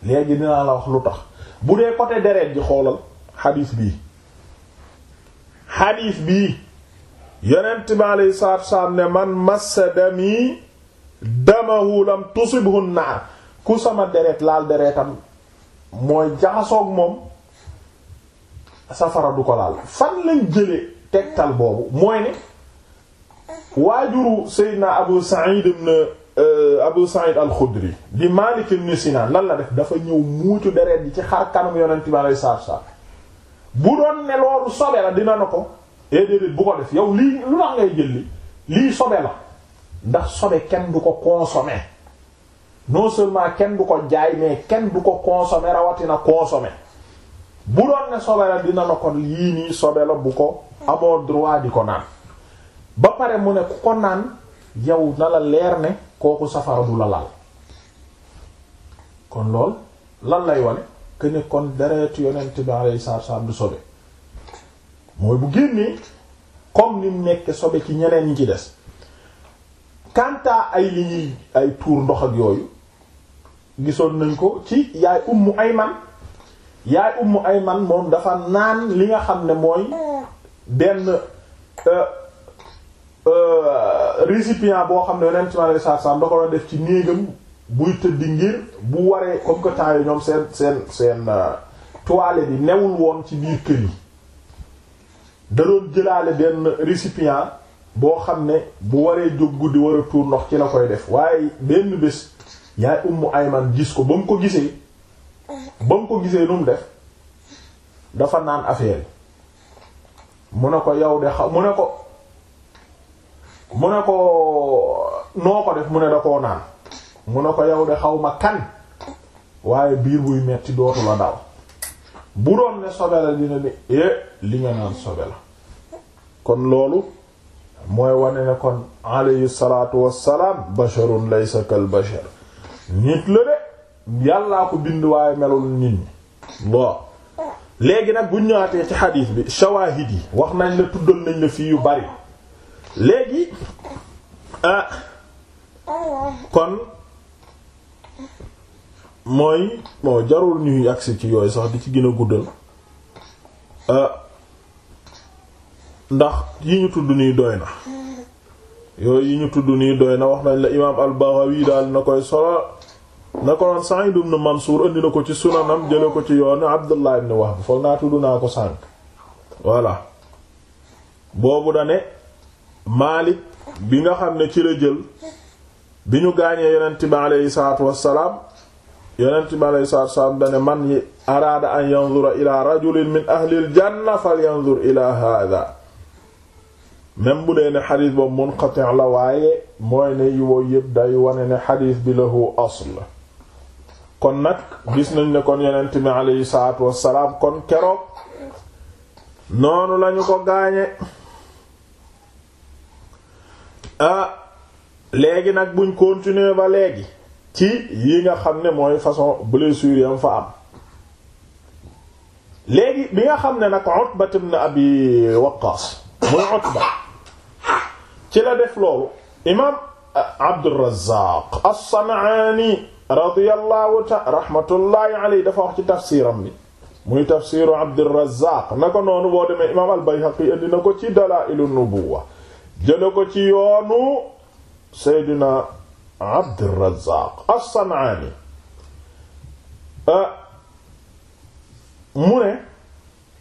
léegi dinaa la wax lu tax bu dee côté deret ji xoolal xadiis bii xadiis bii yonent mi alayhi salaatu ne man massa dami damahu lam tusibhu naar ku sama deret laal deretam mooy jaxasoog moom safara du ko laal fan lañ jële tegtal boobu mooy ne waajuru Seydina Abu Sa'id ibn euh, Abu Sa'id al-Khudri di Malik ibn Sinan lan la def dafa ñëw muucu deret ji ci xar kanam yonent bi alei saatu salam bu doon ne loolu sobe la dina na ko eh, déedéet bu ko def yow lii lu tax ngay jël li lii sobe la ndax sobe kenn du ko consommer non seulement kenn du ko jaay mais kenn du ko consommer rawatina consommer bu doon ne sobe la dina la ko yii nii sobe la bu ko amoo droit di ko naan ba pare mu ne ku ko naan yow na la leer ne kooku safara du la laal kon lool lan lay wane que kon deretu yonent bi alayhi salaatu salaam du sobe mooy bu génnee comme ni nekk sobe ci ñeneen ñi ci des quant ay li ñuy ay tuur ndox ak yooyu gisoon nañ ko ci yaay ay man yaay ay man moom dafa naan li nga xam ne mooy benn euh, euh, récipient boo xam ne yonent mi alayhi salaatu salaam da def ci néegam buy tëdd ngir bu waree comme que yi ñoom seen seen seen euh, toile bi newul woon ci biir kër yi da doon jëlaale benn récipient boo xam ne bu waree jóg guddi war a tuur ndox ci na koy def waaye benn bés yaay ummu ayman gis ko ba mu ko gisee ba mu ko gisee nu mu def dafa naan affaire mu ne ko yow de xaw mu ne ko mu ne ko noo ko def mu ne da koo naan mu ne ko yow de xaw ma kan waaye biir buy metti dootu la daw bu doon ne sobe la dina ni eh, li nga naan sobe la kon loolu mooy wane ne kon alayhi salaatu wassalaam basharun laysa kal bashar nit la de yàllaa ko bind waaye melul nit ñi bon léegi nag bu ñëwaatee ci xadiis bi shawaahid yi wax nañ la tuddal nañ la fii yu bari léegi ah, kon mooy moo jarul ñuy agsi ci yooyu sax di ci gën a guddal ah, ndax yi ñu tudd nii doy na yooyu yi ñu tudd nii doy na wax nañ la imaam al daal na koy solo na ko noon Sa'id ibn Mansuur indi na ko ci sunanam jële ko ci yoon Abdullah ibn Wahb foog naa tudd naa ko sànq voilà boobu dane Maalik bi nga xam ne ci la jël bi ñu gaañee yonent bi aleyhi salaatu wassalaam yonent bi aleyhi salaatu wassalaam dane man an yanzura ila bu dee ne xadiis boobu munqati' la waaye mooy ne yooyu yëpp day wane ne xadiis bi lahu asl kon nag gis nañ ne kon yonent mi aleyhi salaatu wassalaam kon keroog noonu lañu ko gaañe ah léegi nag buñ continuer ba léegi ci yi nga xam ne mooy façon blessure yam fa am léegi bi nga xam ne nag Utba ibn Abi Waqqas muy Utba ci la def loolu imaam Abdurrazzaq as-San'aani radiyallahu ta rahmatullahi alayhi dafa wax ci tafsiram bi muy tafsiru Abdurrazzaq na ko noonu boo demee imaam al-Bayhaqi indi na ko ci Dalaa'ilu Nubuwwa jële ko ci yoonu Seydina Abdurrazzaq as-San'aani euh, mu ne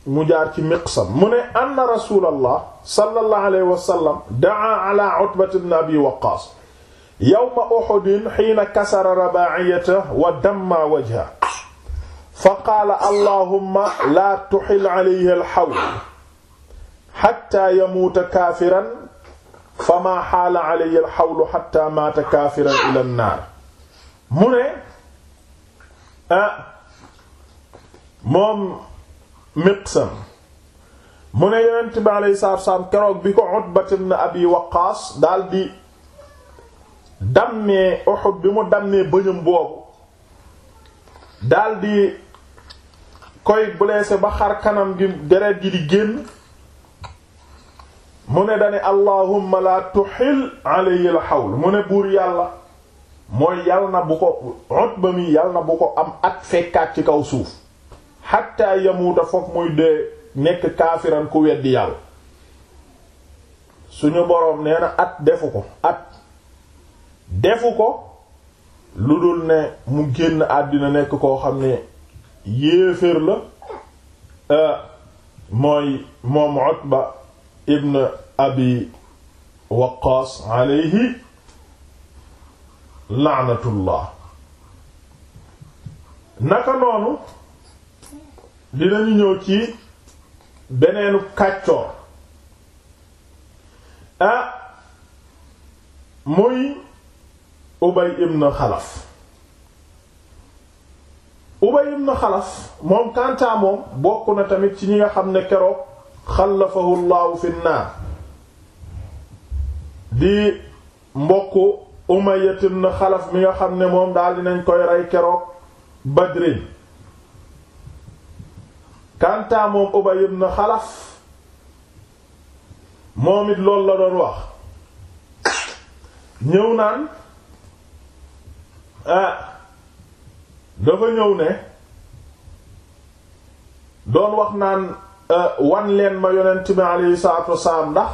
mu jaar ci Miqsam mu ne anna Rasuulallah sallallahu alayhi wa sallam da'a ala Utbata ibn Abi Waqqaas yawma uhudin hiina kasara rabaa'iyatahu wa damma wajhahu fa qaala allahumma laa tuhil alayhi al-hawl hattaa yamuuta kaafiran famaa haala alayhi al-hawlu hattaa maata kaafiran ilaa an-naar mu ne ah moom Miqsam mu ne yonent bi alayhi salaatu wa salaam keroog bi ko Utba ibn Abi Waqqaas daldi dammee Uhud bi mu dammee bëñëm boobu daldi koy blessé ba xar kanam gi deret gi di génn mu ne dane allahumma la tuhil alayhi al hawl mu ne buur yàlla mooy yàlla na bu ko am ak fekkaat ci kaw suuf hatta yamuuta foog muy dee nekk kaafiran ku weddi yàlla suñu boroom nee na at defu ko at defu ko lu dul ne mu génn àddina nekk koo xam ne yéeféer la euh, mooy moom Utba ibn Abi Waqqas alayhi laanatullah naka noonu dinañu ñëw ci beneenu kàccoor ah muy ubay ibn xalaf ubay ibn xalaf moom kantaa moom bokk na tamit ci ñi nga xam ne keroog xalafahu llahu fi naar di mbokk umayya ibn xalaf mi nga xam ne moom daal nañ koy rey keroog badrin kantaa moom ubay ibn xalaf moom it loolu la doon wax ñëw naan Euh, dafa ñëw ne doon wax naan euh, wan leen ma yonent bi alayhi salaatu wasalaam ndax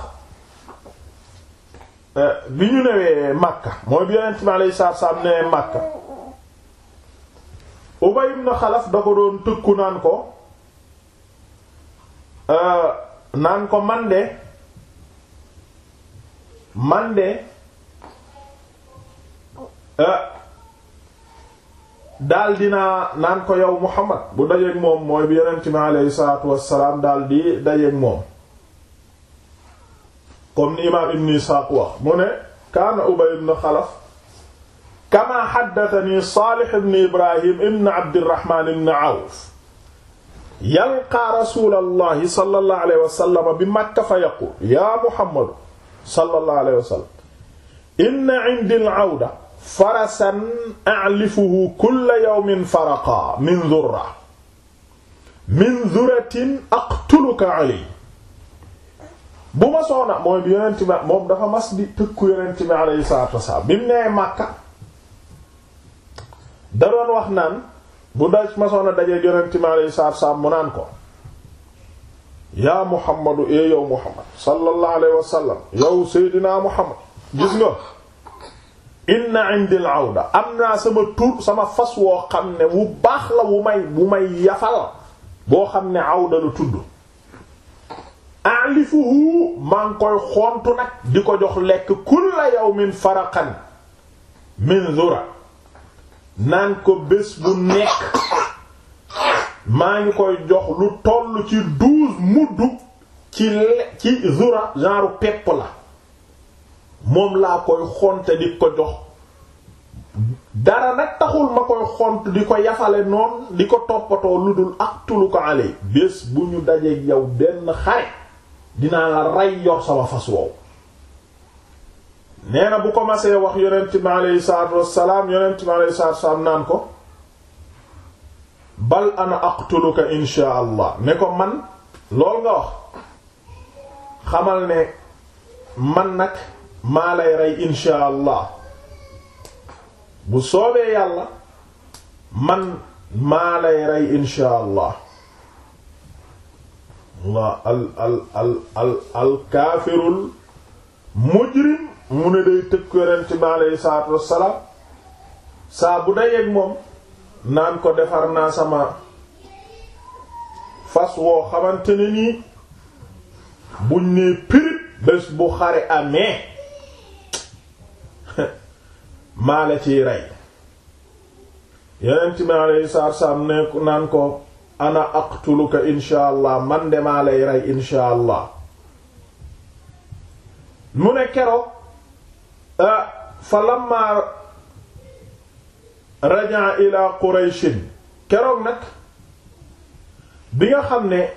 euh, bi ñu newee Makka mooy bi yonent bi alayhi salaatu wasalaam newee Makka Ubay ibn Xalaf da doon tëkku naan ko naan ko man de man de daal dinaa naan yow Muhammad bu dajeeg moom mooy bi yonent mi aleyhi salaatu wassalaam daal di dajeeg moom comme ni imaam ibn Isaaq wax mu ne kaana Ubay ibn Xalaf kama xaddatani Saalih ibn Ibrahim ibn Abdirahman ibn Awf yalqaa rasulallahi sallallahu alayhi wa sallam bi Makka fa yaqul yaa Muhammad sallallahu alayhi wa sallam inna indi al-awda farasan a'lifuhu kulla yawmin faraqa min dhurra min dhurratin aqtuluka alayhi bu ma soona mooy bi yonent bi moom dafa mas di tëkku yonent bi alayhi salaatu wasalaam bi mu nee Makka da doon wax naan bu daj ma soona dajee yonent bi alayhi salaatu wasalaam mu naan ko yaa Muhammadu ee eh yow Muhammad sallallahu alayhi wasallam yow Seydina Muhammad gis nga inna indi al am naa sama tur sama fas woo xam ne wu baax la wu may bu may yafal boo xam ne awda lu tudd alifuhu maa ngi koy xontu nag di ko jox lekk kulla yawmin faraqan min zura naan ko bés bu nekk maa ngi koy jox lu toll ci douze mudd ci le ci zura genre pepp la moom laa koy xonte di ko jox dara nag taxul ma koy xont di ko yafale noonu li ko toppatoo lu dul aqtulu ko ale bés bu ñu dajeeg yow benn xare dinaa la rey yor sama fas wow nee na bu commencé wax yonent bi aleyhi salaatu wassalaam yonent bi aleyhi salaatu naan ko bal ana aqtuluka insha allah ne ko man lool nga wax xamal ne man nag maa lay rey insha allah bu soobee yàlla man maa lay rey insha allah waa al al al al al kaafirul mujrim mu ne day tëkk yonent bi aleyhi saa bu dayeeg moom naan ko defar naa sama fas woo xamante ni nii buñ nee pirit bés bu xare amee maa la ciy rey yeneen mi aleyhi salaatu ne naan ko ana aqtuluka insha allah man de maa lay rey mu ne keroog fa lamma rajaa ila qurayshin keroog nag bi nga xam ne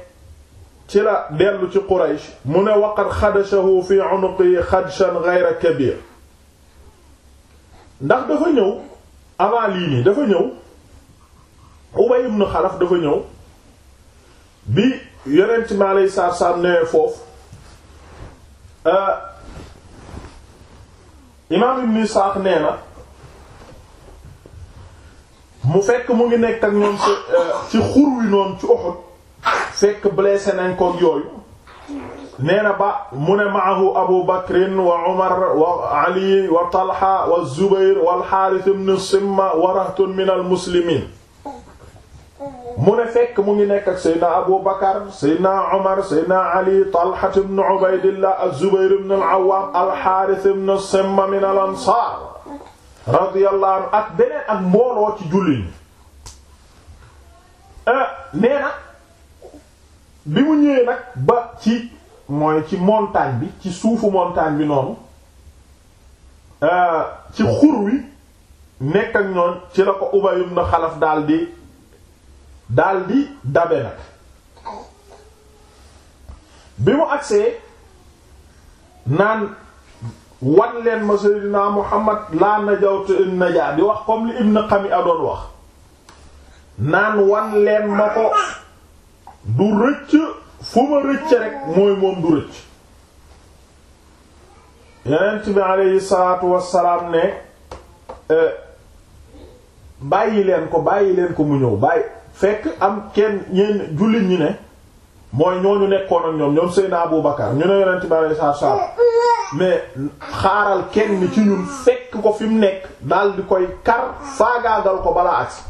ci la dellu ci quraysh mu ne waqad xadashahu fi unuqi xadshan ghayra kabir ndax dafa ñëw avant lii dafa ñëw Ubay ibn Xalaf dafa ñëw bi yonent mi alayhi salaatu salaam nee foofu euh, imaam Ibn Isaaq nee na mu fekk mu ngi nekk ak ñoom ci euh, xur wi noonu ci Uhud fekk blessé nañ yooyu nee na ba mu ne maahu abu bakrin wa umar wa ali wa talha wa zubair wa alxaaris ibn simma wa rahtun min almuslimin mu ne fekk mu ngi nekk ak seydna abu bakar seydna umar seydna ali talha ibn ubaydillah ak zubair ibn al-awwam alxaaris ibn simma min al ansaar radiyallahu anhu ak beneen ak mbooloo ci julli eh, nee na bi mu ñëwee nag ba ci mooy ci montagne bi ci suufu montagne bi noonu euh, ci xur wi nekk ak ci la ko Ubay ibn Xalaf daldi dabe nag bi mu agsee naan wan leen ma Seydina Muhammad laa najawtu in najaa di wax comme li Ibn Qami adoon wax naan wan leen ma ko du rëcc fu ma rëcc rek mooy moom du rëcc yonent bi aleyhi salaatu wassalaam ne e, bàyyi leen ko bàyyi leen ko mu ñëw bàyyi fekk am kenn ñeen jullit ñi ne mooy ñooñu nekkoon ak ñoom ñoom Seydina Abu Bakar ñu ne yonent bi aleyhi salaatu wassalaam mais xaaral kenn ci ñun fekk ko fi mu nekk daal di koy kar faagaagal ko balaa agsi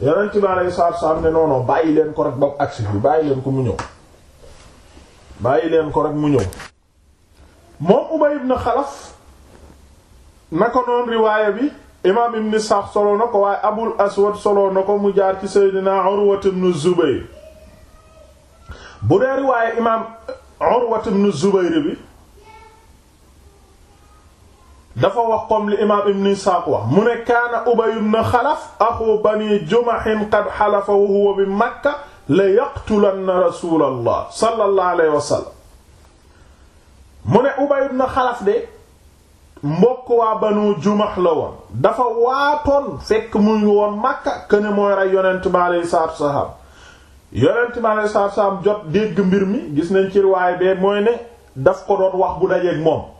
yonent bi alayhi salaatu salaam ne non non bàyyi leen ko rek ba mu agsi bi bàyyi ko mu ñëw bàyyi leen ko rek mu ñëw moom Ubay ibn Xalaf na ko noon riwaaya bi imaam ibn Sa'd solo na ko waaye Abul Aswad solo na ko mu jaar ci Seydina Urwa ibn Zubayr bu dee riwaaya imaam Urwa ibn Zubayr bi dafa wax comme li imaam ibn Isaaq wax mu ne kaana Ubay ibn Xalaf axu bani Jumahin qad xalafa wa bi Makka la yaqtulanna rasuulallah sallallahu alayhi mu ne Ubay ibn Xalaf de mbokk waa banu Jumah la woon dafa waatoon fekk mu ngi woon Makka këne mooy rey yonent bi alayhi yonent bi alayhi jot dégg mbir mi gis nañ ci bee mooy ne daf ko doon wax bu dajeek moom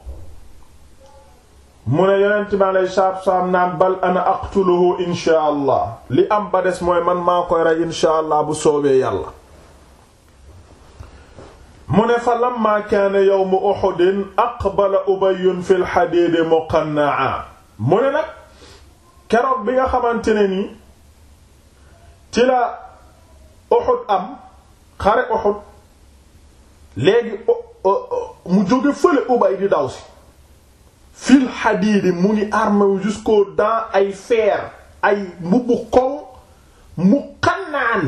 mu ne yonent bi aleyhi salaatu salaam naan bal ana aqtuluhu insha allah li am ba des mooy man maa koy rey insha allah bu soobee yàlla mu ne fa lamma kaana yawmu uhudin aqbala ubayun fi lxadiidi muqannaa mu ne nag keroog bi nga xamante ne nii ci la am xare uhud léegi mu jóge fële ubay di daw si fil xadiidi mu ngi armé wu jusqu'aux ay feer ay mbubb koŋ mu xannaan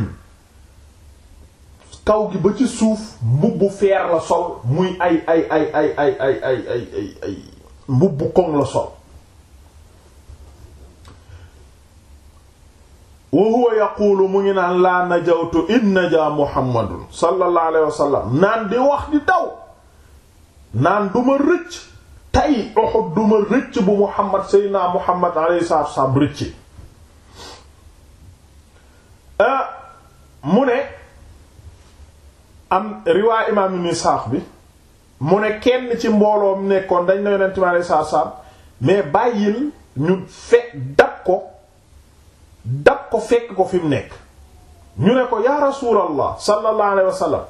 kaw gi ba ci suuf mbubb feer la sol muy ay ay ay ay ay ay koŋ la sol wa huwa yaquulu mu ngi naan laa najawtu in najaa muhammadun sallallahu alayhi wa naan di wax di daw naan duma rëcc tey Uhud duma rëcc bu Muhammad Seydina Muhammad alayhi salaatu wassalaam rëcc ah, mu ne am riwaay imaam ibn Isaaq bi mu ne kenn ci mbooloom nekkoon dañ na yonent mi alayhi salaatu mais bàyyil ñu fe dab ko dab ko fekk ko fi mu nekk ñu ne ko yaa rasuulallah sallallahu alayhi wa sallam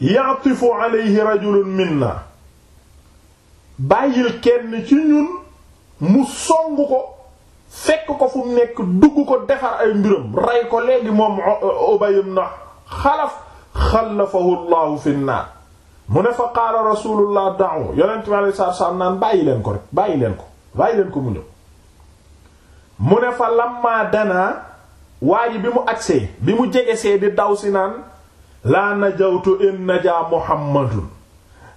ya'tifu alayhi rajulun minna bàyyil kenn ci ñun mu song ko fekk ko fu mu nekk dugg ko defar ay mbiram rey ko léegi moom Ubay ibn Xalaf xalafahu llahu fi nnaar mu ne fa qaala rasulullah da'u yonent bi alayhi salaatu salaam naan bàyyi leen ko rek bàyyi leen ko bàyyi ko mu ñëw mu ne fa lamma danaa waa bi mu agsee bi mu jegesee di daw si naan laa najawtu in najaa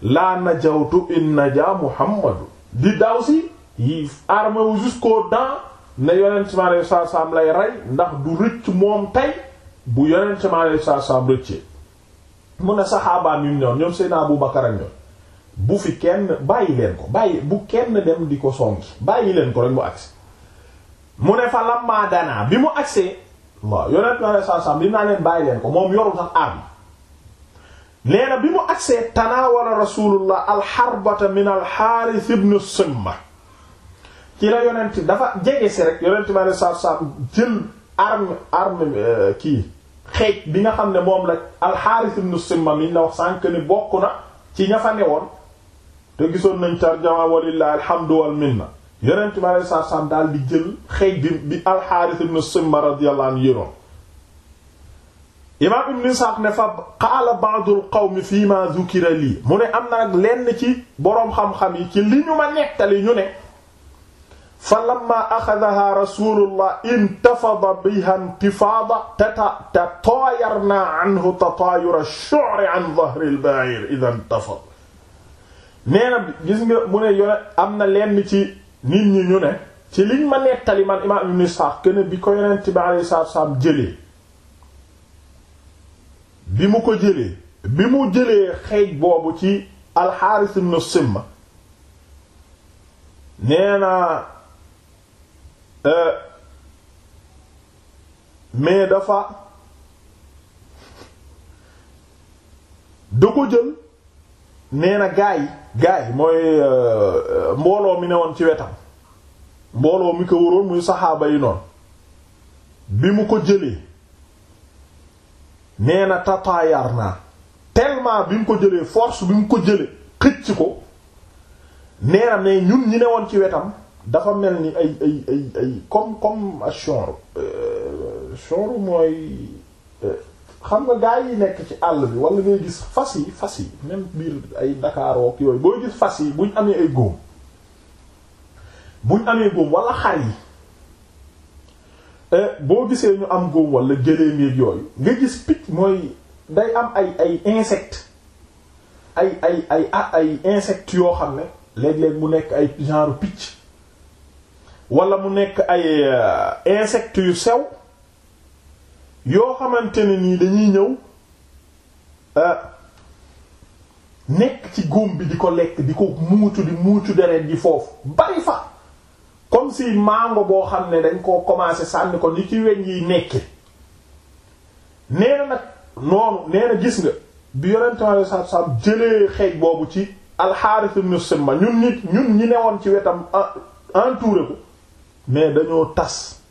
laa najawtu in naja muhammadu di daw si yi armé wu jusqu'aux dents ne yonent mi alayhi salaatu salaam lay rey ndax du rëcc moom tey bu yonent mi alayhi salaatu salaam rëccee mu ne saxaabaan yu ñoom ñoom Seydina Abu Bakar ak ñoom bu fi kenn bàyyi leen ko bàyyi bu kenn dem di ko songi bàyyi leen ko rek mu agsi mu ne fa lammaa bi mu agsee waaw yonent mi alayhi salaatu li naa leen bàyyi leen ko moom yoru sax arme nee bi mu agsee tanaawala rasulullah alxarbata min alxaaris ibn simma ci la yonent dafa jege si rek yonent bi alei saatu salaam jël arme arme euh, kii xeej bi nga xam ne moom la alxaaris ibn simma mi la wax sànk ni bokk na ci ña fa newoon te gisoon nañ tarjama walillahi alhamdu wal minna yonent bi alei saatu salaam daal di jël xeej bi bi alxaaris ibn simma radiyallahu anhu yëroon imaam ibn Isxaaq ne fa qaala ba'dul qawmi fii ma dhukira lii mu ne am na nag lenn ci boroom xam-xam yi ci li ñu ma nettali ñu ne fa lamma axadaha rasulullah intafada biha intifada tataayarna anhu tataayura ash-shu'ri an dhahri al-ba'ir idha intafada nee na gis nga mu ne yone am na lenn ci nit ñi ñu ne ci liñ ma nettali man imaam ibn Isxaaq kenn bi ko yonent bi alayhi salaam jëlee bi mu ko jëlee bi mu jëlee xeej boobu ci alxaaris ibn simma nee na euh, mais dafa da ko jël nee na gaay gaay mooy euh, mbooloo mi ne woon ci wetam mbooloo mi ko waroon muy saxaaba yi noonu bi mu ko jëlee nee na tataayaar naa tellement bi mu ko jëlee force bi mu ko jëlee xëcc ko nee na mais ñun ñi ne woon ci wetam dafa mel ni ay ay ay ay comme comme chonru euh, chonru mooy euh, xam nga gaa yi nekk ci àll bi wala ngay gis fas yi fas yi même biir ay Dakaarook yooyu booy gis fas yi bu buñ amee ay góom buñ amee góom walla xar yi Eh, boo gisee ñu am góom wala gëléem yéeg yooyu nga gis picc mooy day am ay ay insectes ay ay ay ah, ay insectes yoo xam ne léeg-léeg mu nekk ay genre picc wala mu nekk ay euh, insect yu sew yoo xamante ni nii dañuy ñëw euh, nekk ci góom bi di ko lekk di ko muucu di muucu deret ji foofu bari fa comme si mango boo xam ne dañ koo commencé sànni ko ni ci weñ yi nekke nee nag noonu nee gis nga bi yonente mi alei satu salaam jëlee xeej boobu ci alxaaris ibn simma ñun nit ñun ñi newoon ci wetam ah, entouré ko mais dañoo tas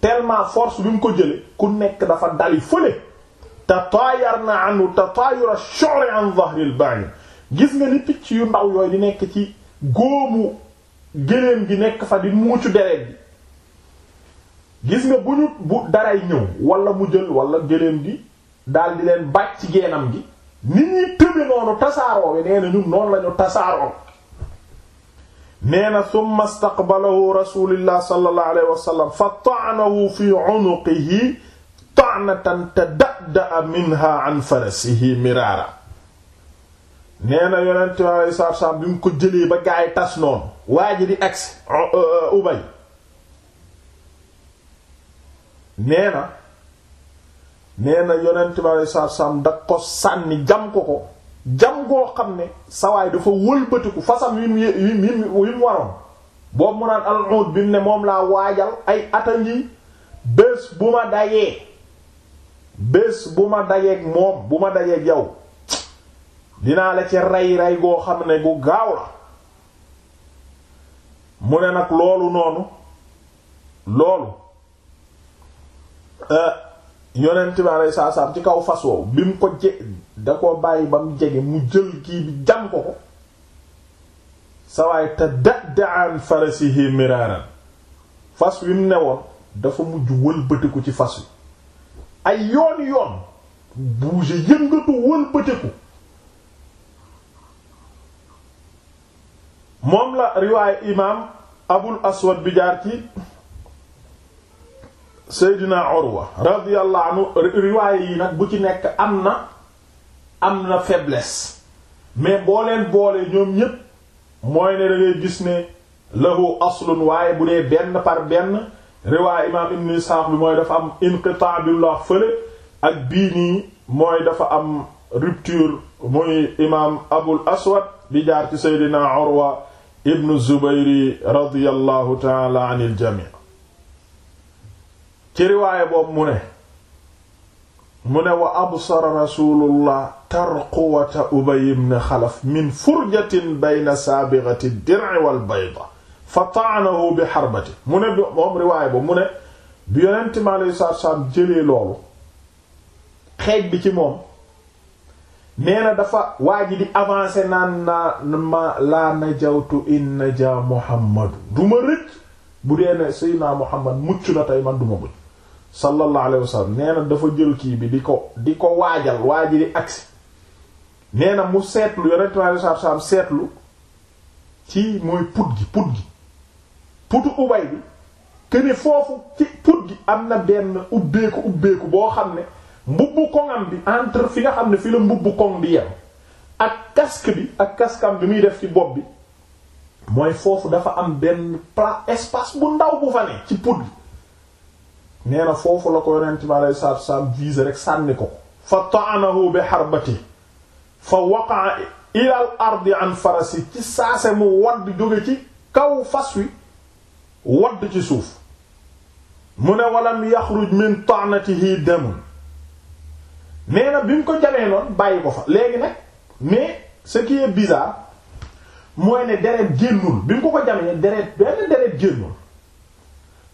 tellement force bi ko jële ku nekk dafa dal dali fële tatayar na ànd anu tatayura shore an dhahril ba'ir gis nga ni picc yu ndaw yooyu di nekk ci góomu géléem gi nekk fa di muucu deret bi gis nga bu ñu bu daray ñëw walla mu jël wala géléem gi daldi di leen bàcc ci geenam gi nit ñi tëbe noonu tasaaroo bi nee na ñun noonu lañu tasaaroo nee na summa staqbalahu rasulillah sallallahu alayhi wa fa ta'nahu fi unuqihi ta'natan tadadda minha an farasihi miraara nee na yonent bi mu ko jëlee ba gaa yi tas noonu waa ji di agsi ubay nee na nee na yonent alayhi salaatu da ko sànni jam ko ko jam goo xam ne sawaay dafa wëlbatiku fasam yi mu yi mu waroon boobu mu naan al bi mu ne moom laa waajal ay atangi bés bu ma dayee bés bu ma dayeeg moom bu ma dayeeg yow dinaa la ci rey rey goo xam ne gu gaaw la mu ne nag loolu noonu loolu euh, yonent saa alayhi salaam ci kaw fas woowu bi mu ko je da ko bàyyi ba mu jege mu jël kii bi jam ko ko sawaay te da daan farasihi miraaran fas wi mu ne woon dafa mujj wëlbatiku ci fas wi ay yoon yoon bouger yëngatu wëlbatiku moom la riwaaya imaam abul aswad bi jaar ci seydina urwa radiyallahu anhu riwaaya yi nag bu ci nekk am na am na faiblesse mais boo leen boolee ñoom ñépp mooy ne da gis ne lahu aslun waaye bu dee benn par benn riwaaya imaam ibn Isaaq bi mooy dafa am inqitaa fële ak bii nii mooy dafa am rupture muy imaam abul aswad bi jaar ci seydina urwa ibnu zubayri radiyallahu taala an il jami ci riwaaya boobu mu ne mu ne wa absara rasulullah tarquwata ubay ibn xalaf min furjatin bayna saabigati dir'i wal bayda fa ta'anahu bi xarbati mu ne moom riwaaya boobu mu ne bi yonent mi alayhi salaatu wa salaam jëlee loolu xeej bi ci moom nee dafa waa ji di avancé naan naa ma laa najawtu in naja muhammadu du ma rëcc bu dee ne sayyidina muhammad mucc na tey man du ma mucc sallallahu alayhi wa sallam nee dafa jël kii bi di ko di ko waajal waa ji di agsi nee na mu seetlu yonent bi alayhi salaatu wa seetlu ci mooy put gi put gi putu ubay bi këne foofu ci put gi am na benn ubbeeku ubbeeku boo xam ne mbubbu koŋam bi entre fi nga xam ne fi la mbubbu koŋ bi yem ak casque bi ak casqueam bi muy def ci bopp bi mooy foofu dafa am benn plat espace bu ndaw bu fa ne ci put bi nee na foofu la ko yonent bi alei salatu salaam vise rek sànni ko fa ta'anahu bi harbati fa waqa'a ila al ardi an farasi ci saase mu wadd jóge ci kaw fas wi wadd ci suuf mu ne walam yaxruj min ta'natihi damun nee bi mu ko jalee noonu bàyyi ko fa léegi nag mais ce qui est bizarre mooy ne deret génnul bi mu ko ko jamee deret benn deret génnul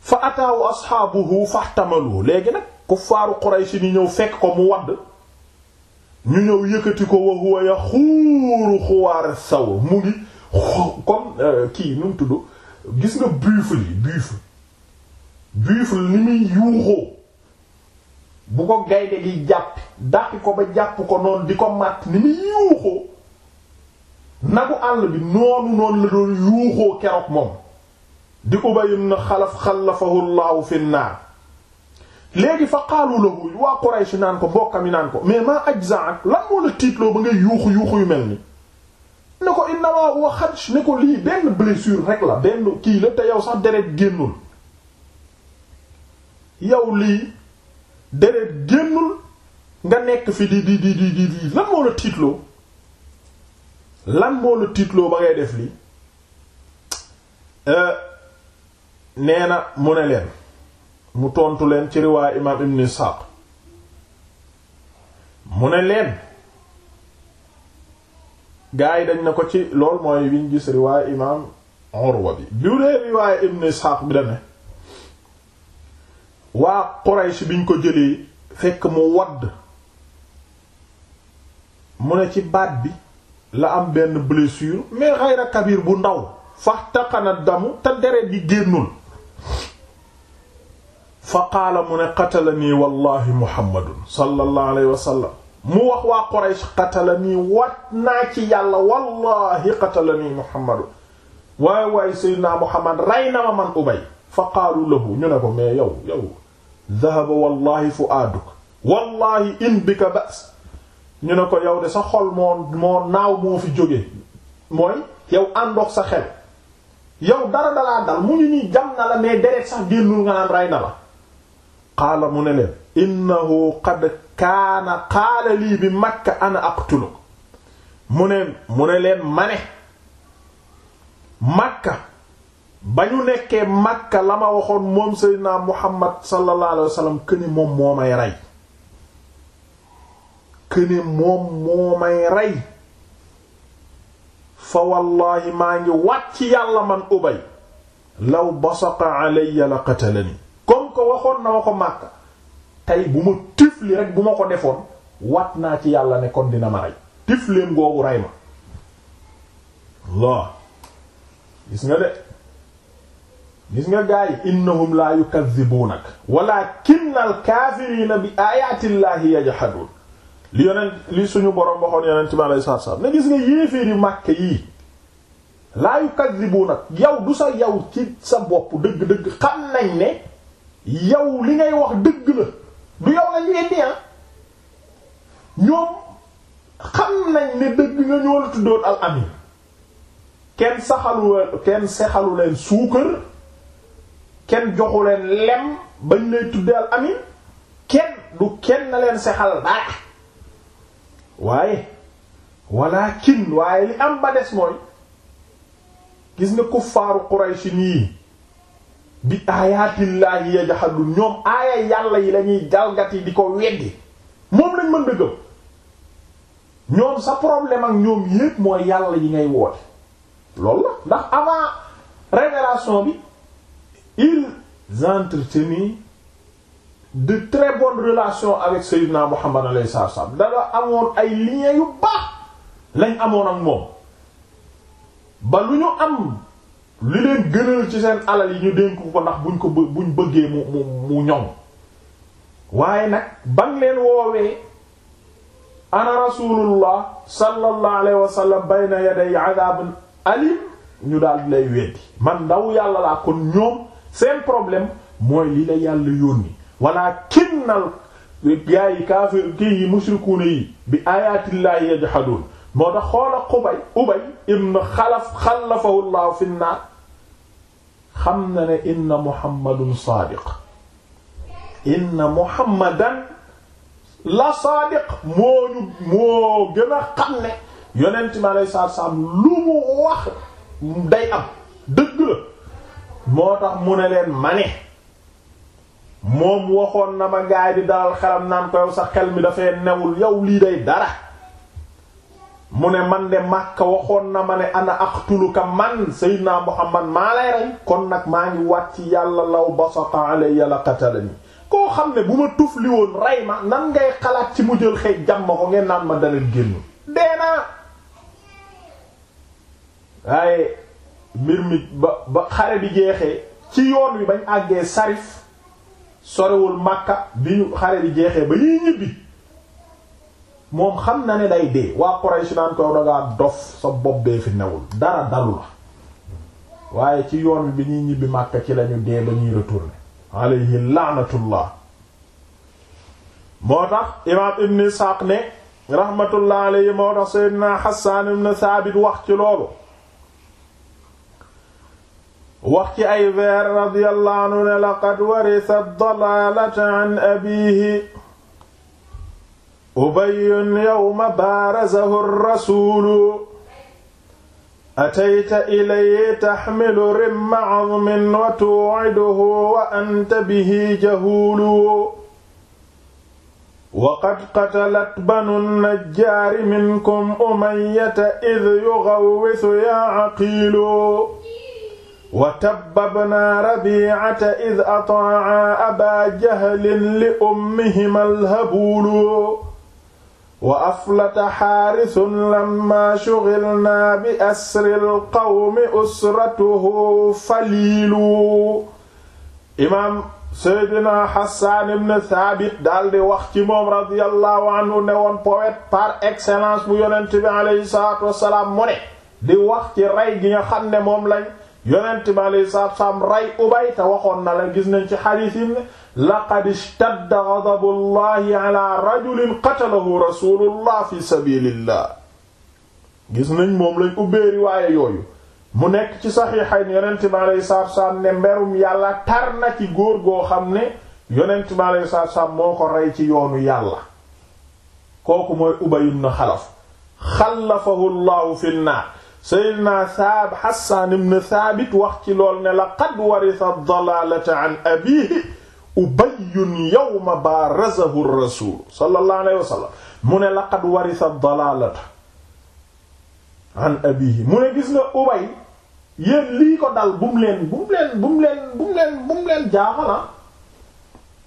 fa ataawu asxaabuhu fahtamalu léegi nag kuffaaru Quraysh ni ñëw fekk ko mu wadd ñu ñëw yëkkati ko wa huwa yaxuuru xuwaar saw mu ngi comme euh, kii nu mu tudd gis nga buffle yi buffle buffle ni muy yuuxoo bu ko gaynde gi jàpp dàqi ko ba jàpp ko noonu di ko màtt ni muy yuuxoo nagu àll bi noonu noonu la doon yuuxoo keroog moom di Ubay ibn Xalaf xalafahu Allahu fi naar léegi fa qaalu lahu waa Quraysh naan ko mbokkam yi naan ko mais maa ajza'ak lan moo la tiitloo ba ngay yuuxu yuuxu yu mel ni ne ko innamaa huwa xadj ne ko lii benn blessure rek la benn kii la te yow sax deret génnul yow lii deret génnul nga nekk fi di di di di di di lan la tiitloo lan la tiitloo ba ngay def lii euh, nee na mu ne leen mu tontu leen ci riwaay imaam ibn Isaaq mu ne leen gaa yi dañ na ko ci lool mooy wiñ gis riwaay imaam Urwa bi bu dee riwaay ibn Isaaq bi da waa Quraysh biñ ko jëlee fekk mu wadd mu ne ci baat bi la am benn blessure mais xayra kabir bu ndaw fax taqana damu te deret di génnul fa qaala mu ne qatalanii wallahi muhammadun mu wax waa Quraysh qatalanii wat naa ci yàlla wallahi qatalanii muhammadun waaye waaye sayyidina muhammad rey na ma man ubay fa qaalu lahu ñu ne ko mais yow yow dahaba wallahi fuaaduk wallahi in bika ba's ñu ne ko yow de sa xol moo moo naaw moo fi jóge mooy yow àndox sa xel yow dara dalaa dal mu ngi nii jam na la mais deret sax génnul nga naan rey na la qaala mu ne leen innahu qad kaana qaala bi makka ana aqtuluk mu ne mu ne leen mane makka ba ñu nekkee Makka la ma waxoon moom Seydina Muhammad sallallahu alayhi wa sallam këne moom moo may rey këni moom moo may rey fa wallahi maa ngi wat ci yàlla man ubay law basaqa alayya la qatalani comme que waxoon na ma ko Makka tey bu ma tifli rek bu ma ko defoon wat naa ci yàlla ne kon dina ma rey tifleem googu rey ma Allah gis nga de gis nga gaay innahum la yukazzibunak walakinnal kaafiriina bi ayaatillaahi yajhadun li yonent li suñu boroom waxoon yonent bi alayhi salaatu salaam ne gis nga yéeféeri Màkka yii laa yukazzibunak yow du sa yow ci sa bopp dëgg-dëgg xam nañ ne yow li ngay wax dëgg la du yow nga ñuy indi ñoom xam nañ ne dëgg nga ñoo la tuddoon al kenn saxalu kenn saxalu leen suukar kenn joxu leen lem bañ lay tuddal amin kenn du kenn leen sexal dara waaye walakin waaye li am ba des mooy gis nga kuffaaru Quraysh nii bi aayatillaahi yajhadun ñoom aaya yàlla yi lañuy jalgati di ko weddi moom lañ mën dëggam ñoom sa problème ak ñoom yépp mooy yàlla yi ngay woote loolu la ndax avant révélation bi ils entretenaient de très bonnes relations avec Seydina Muhammad alayhi salaam danga amoon ay liens yu baax lañ amoon ak moom ba lu ñu am li leen gënal ci seen alal yi ñu dénk ko ndax buñ ko buñ bëggee mu mu mu waaye nag ban leen woowee ana rasulullah sallallahu alayhi wa sallam bayna yaday adabun alim ñu daal di lay weddi man ndaw yàlla laa kon ñoom seen problème mooy li la yàlla yónni wala kinnal gaa yi kaafir kii yi mushrikuuna yi bi ayaatillaahi yajhadun moo tax xoola xubay ubay ibn xalaf xalafahu llahu fi naar xam na ne inna muhammadun saadiq inna muhammadan la saadiq moo ñu moo gën a xam ne yonent mi alei saatu salaam lu mu wax day am dëgg la moo tax mu ne leen ma ne moom waxoon na ma gaay di dalal xelam naan ko yow sa xel mi dafay newul yow lii day dara mu ne man de Makka waxoon na ma ne ana aqtuluka man Seydina Muhammad maa lay rey kon nag maa ngi wàcc yàlla law basata alayya la qatalani koo xam ne bu ma tufli woon rey ma nan ngay xalaat ci mu jël xëy jam ma ko ngeen naan ma daleen génn dee naa waaye mbir mi ba ba xare bi jeexee ci yoon wi bañ àggee sarif sorewul màkka bi ñu xare bi jeexee ba ñuy ñibbi moom xam na ne day dee waa Quraysh naan dangaa dof sa bopp bee fi newul dara dalu la waaye ci yoon wi bi ñuy ñibbi makka ci lañu dee ba ñuy retourné alayhi laanatullah moo tax imaam ibn Isaaq ne rahmatullah alayhi moo tax sayyidina Hassaan ibn Saabit wax ci loolu wax ci ay veer radiyallahu anhu ne laqad warisa dalaalata an abiihi ubayyun yawma baarazahu rasuulu atayta ilayhi taxmilu rimma azmin wa tuuciduhu wa anta bihi jahuulu waqad qatalat banu najjaari minkum umayyata id yugawwisu yaa caqiilu wa tabbabnaa rabiicata id ataaca abaa jahlin li ummihima alhabuulu wa aflata xaarisun lamma shugilnaa bi asri lqawmi usratuhu faliilu imaam seydina xasaan ibn thaabit daldi wax ci moom radiyallahu anhu ne woon poète par excellence bu yonent bi aleyhi salaatu wasalaam mu ne di wax ci rey gi nga xam ne moom lañ yonent bi alayhi ubay te waxoon na la gis nañ ci xadiis yi ne laqad ishtadda ghadabu llahi ala rajulin qatalahu rasulullah fi sabilillah gis nañ moom lañ ubbee riwaaye yooyu mu nekk ci saxiixayn yonent bi ne mberum yàlla tar na ci góor goo xam ne yonent bi alayhi salaatu moo ko ray ci yoonu yàlla kooku mooy ubay xalaf xalafahu llahu fi nnaar Seydina Saab Hassan ibn Thabit wax ci lool ne laqad warisa dalaalata an abiihi Ubayyun yawma baarazahu rasuul sallallahu alayhi wa sallam mu ne laqad warisa dalaalata an abiihi mu ne gis nga Ubay yéen lii ko dal bu mu leen bu mu leen bu mu leen bu mu leen bu mu leen jaaxal ah.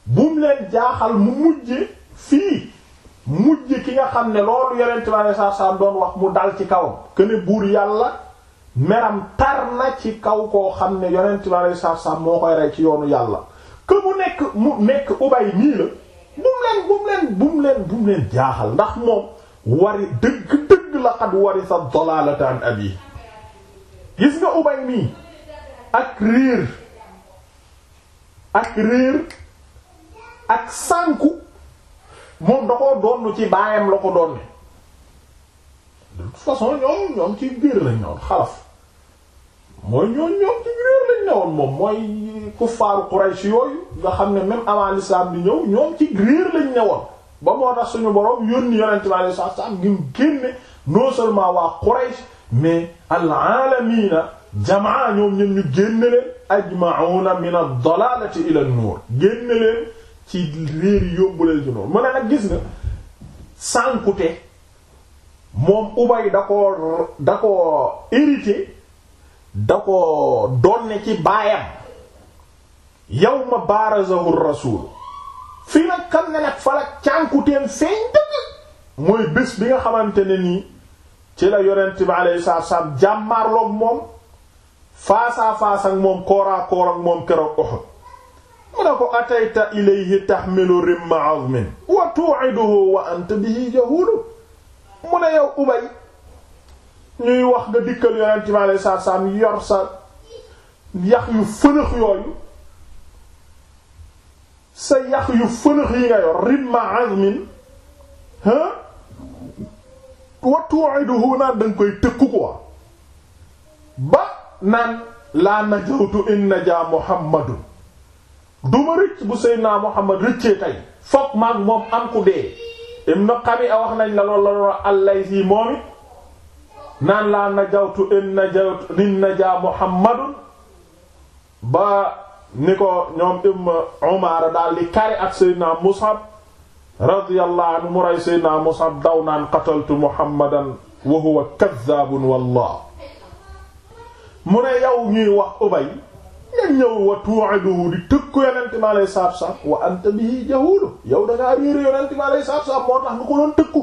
bu mu leen jaaxal mu mujj fii. mujj ki nga xam ne loolu yonent bi alei doon wax mu dal ci kawam këne buur yàlla meram tar na ci kaw koo xam ne yonent bi alei moo koy rey ci yoonu yàlla que mu nekk mu nekk ubay nii la bum leen bum leen bum leen bum leen jaaxal ndax moom wari dëgg-dëgg la xat wari sa dalalata ab yi gis nga ubay nii ak réer ak réer ak sànku moom da koo doon ci baayam la ko doon de façon ñoom ñoom ci biir lañ ñoon xalaf mooy ñoom ñoom ci moom mooy kuffaaru Quraysh yooyu nga xam ne même avant l'islam di ñëw ñoom ci biir lañ newoon ba moo tax suñu borom yónni yonent bi alayhi salaatu salaam ngir génne non seulement waa Quraysh mais al-aalamiina jamaa ñoom ñoom ñu génne leen ajma'uuna min ad-dalaalati ila an génne leen ci réer yóbbu leen ci loolu mu ne gis nga sànkute moom ubay da ko da ko hérité da ko donne ci baayam yawma baarazahu rasul fii nag xam ne nag fa la cànkuteem feeñ dëgg mooy bés bi nga xamante ni nii ci la yonent bi alayhi salaatu salaam jàmmaarloog moom face à moom corps à moom keroog Uhud mu ne ko atayta ilayhi tahmilu rimma azmin wa tu'iduhu wa anta bihi jahulu mu ne yow ubay ñuy wax nga dikkal yu fënëx yooyu sa yax yu fënëx yi nga yor rimma azmin ha wa tu'iduhu naan danga koy tëkku quoi ba naan laa najawtu in najaa muhammadu du ma rëcc bu Seydina Muhammad rëccee tey foog maag moom am ku dee Ibn Qabi'a wax nañ la loolu la lool al-Laythi moom it naan laa najawtu in in najaa Muhammadun ba ni ko ñoom Ibn Umar daal di kari ak Seydina Mus'ab radiyallahu anhu mu rey Seydina Mus'ab daw naan qataltu Muhammadan wa huwa kadhaabun wallah mu ne yow ñuy wax Ubay nga ñëw wa tu'iduhu di tëkku yonente mi alayhi salaatu salaam wa anta bihi yow da ngaa réere yonente mi alayhi salaatu moo tax nga ko doon tëkku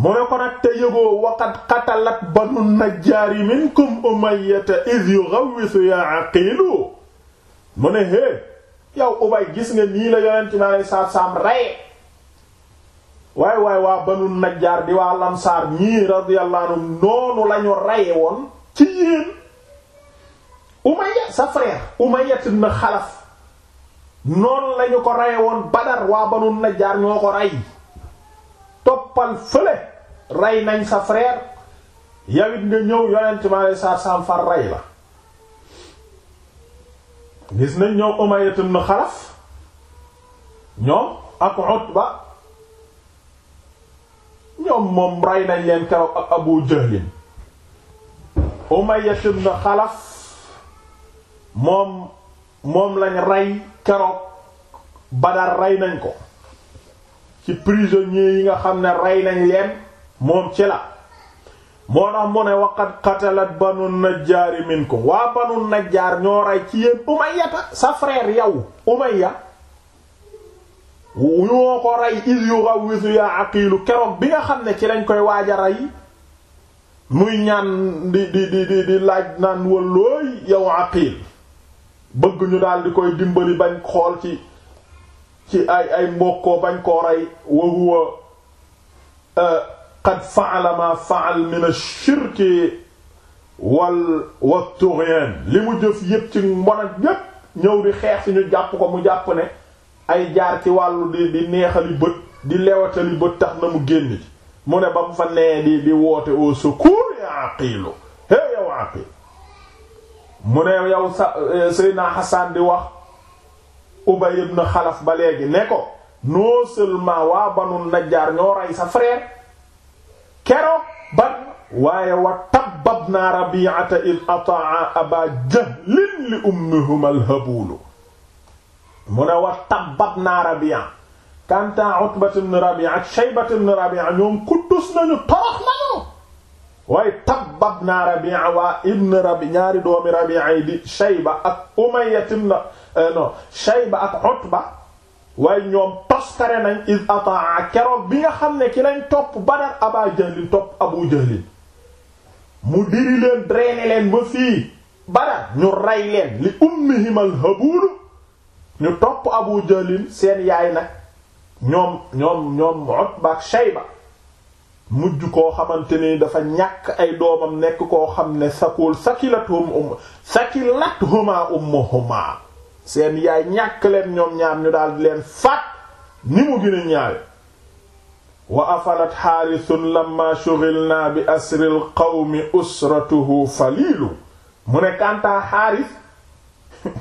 mu ne ko nag te yëgoo waqad qatalat banu najjaari minkum umayyata iz yughawwisu yaa aqiilu mu ne hee yow ubay gis nga nii la yonente mi alayhi salaatu salaam rey waay waay waa banu najjaar di waa lamsaar ñii radiyallahu noonu lañu reye woon ci yeen Umayya sa frère Xalaf noonu lañu ko reye woon Badar waa Banu Najjaar ñoo ko rey toppal fële rey nañ sa frère yawit nga ñëw yonent ma lay saar saam far rey la gis nañ ñoom Umayya ibn Xalaf ñoom ak Utba ñoom moom rey nañ leen keroog ak Abu Jahlin Umayya ibn Xalaf moom moom lañ rey keroog Badar rey nañ ko ci prisonniers yi nga xam ne rey nañ leen moom ci la moo tax mu ne waqad qatalat banu najjaar minkum waa banu najjaar ñoo rey ci yéen umayyata sa frère yow umayya ñoo ko rey iz yughawwizu ya aqiilu keroog bi nga xam ne ci lañ koy waaj a rey muy ñaan di di di di laaj naan wallooy yow aqiil bëgg ñu daal di koy dimbali bañ xool ci ci ay ay mbokkoo bañ koo rey wa huwa euh, qad fa'ala ma fa'al min ash-shirki wal wa li mu jëf yépp ci mbon ak ñëw di xeex si ñu jàpp ko mu jàpp ne ay jaar ci wàllu di di neexali bët di lewatali bët tax na mu génn ci mu ne ba mu fa nee di di woote au secours ya aqilu hey yow aqil mu ne yow sa euh, Seydina Hassan di wax Ubay ibn Xalaf ba léegi ne ko non seulement waa Banu Najjaar ñoo rey sa frère keroog ban waaye wa tabbabna Rabi'ata id ata'a Aba Jahlin li ummihuma alhabuulu mu ne wa tabbabna Rabi'a kanta Utbat ibn Rabi'a ak Shaybat ibn Rabi'a ñoom kuddus nañu torox nañu waaye tabbab naa Rabi'a waa ibn Rabi ñaari doomi Rabi'a yi di Shayba ak Umayya ibn eh, non Shayba ak Utba waaye ñoom toskare nañ iz ataa keroog bi nga xam ne ki lañ topp Badar Aba Jahlin topp Abu Jahlin mu diri leen drainer leen ba fii Badar ñu rey leen li ummihim al-habuul ñu topp Abu Jahlin seen yaay nag ñoom ñoom ñoom Utba ak mujj koo xamante ni dafa ñàkk ay doomam nekk koo xam ne sakul sakilatuhum um sakilathuma ummuhuma seen yaay ñàkk leen ñoom ñaar ñu daal di leen faat ni mu gën ñaawe wa afalat xaarisun lamma shughilna bi asril qawmi <laughs>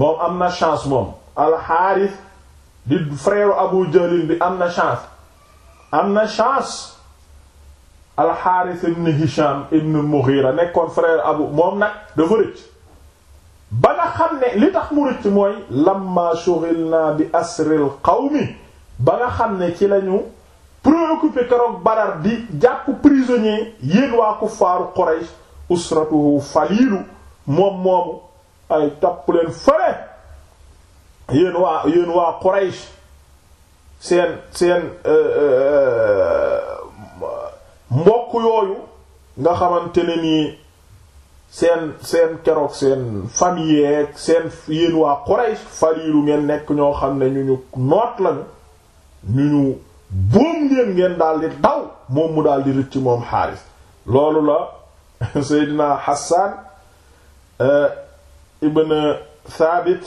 moom am na chance moom alxaaris di frère Abu Jahl bi am na chance am na chance alxaaris ibn hisham ibn mughira nekkoon frère abu moom nag dafa rëcc ba nga xam ne li tax mu rëcc mooy lamma shughilna bi asril qawmi ba nga xam ne ci lañu préoccupé keroog badar di jàpp prisonnier yéen waa kuffaaru quraysh usratuhu faliilu moom moomu ay topp leen fële yéen waa yéen waa quraysh seen seen euh, euh, euh, mbokk yooyu nga xamante ne nii seen seen keroog seen famille seen yéen waa Quraysh fariiru ngeen nekk ñoo xam ne ñu ñu noot lañu ñu ñu boom ngeen ngeen daal daw moom mu daal di moom Xaaris loolu la <laughs> Seydina Hassan ibn Thabit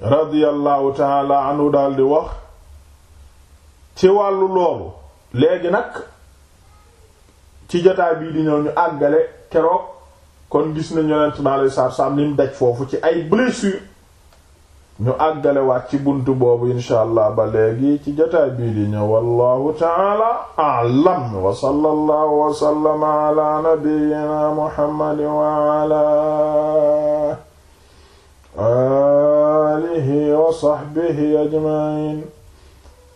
radiyallahu taala anhu daal wax ci wàllu loolu léegi nag ci jotaay bii di ñëw ñu àggale keroog kon gis nañ yonent mi alayhi salaatu daj foofu ci ay blessure ñu àggale waat ci buntu boobu insha allah ba léegi ci jotaay bii di ñëw wallahu ta'ala a'lam wa sallallahu wa sallama ala muhammad wa ala wa sahbihi ajma'in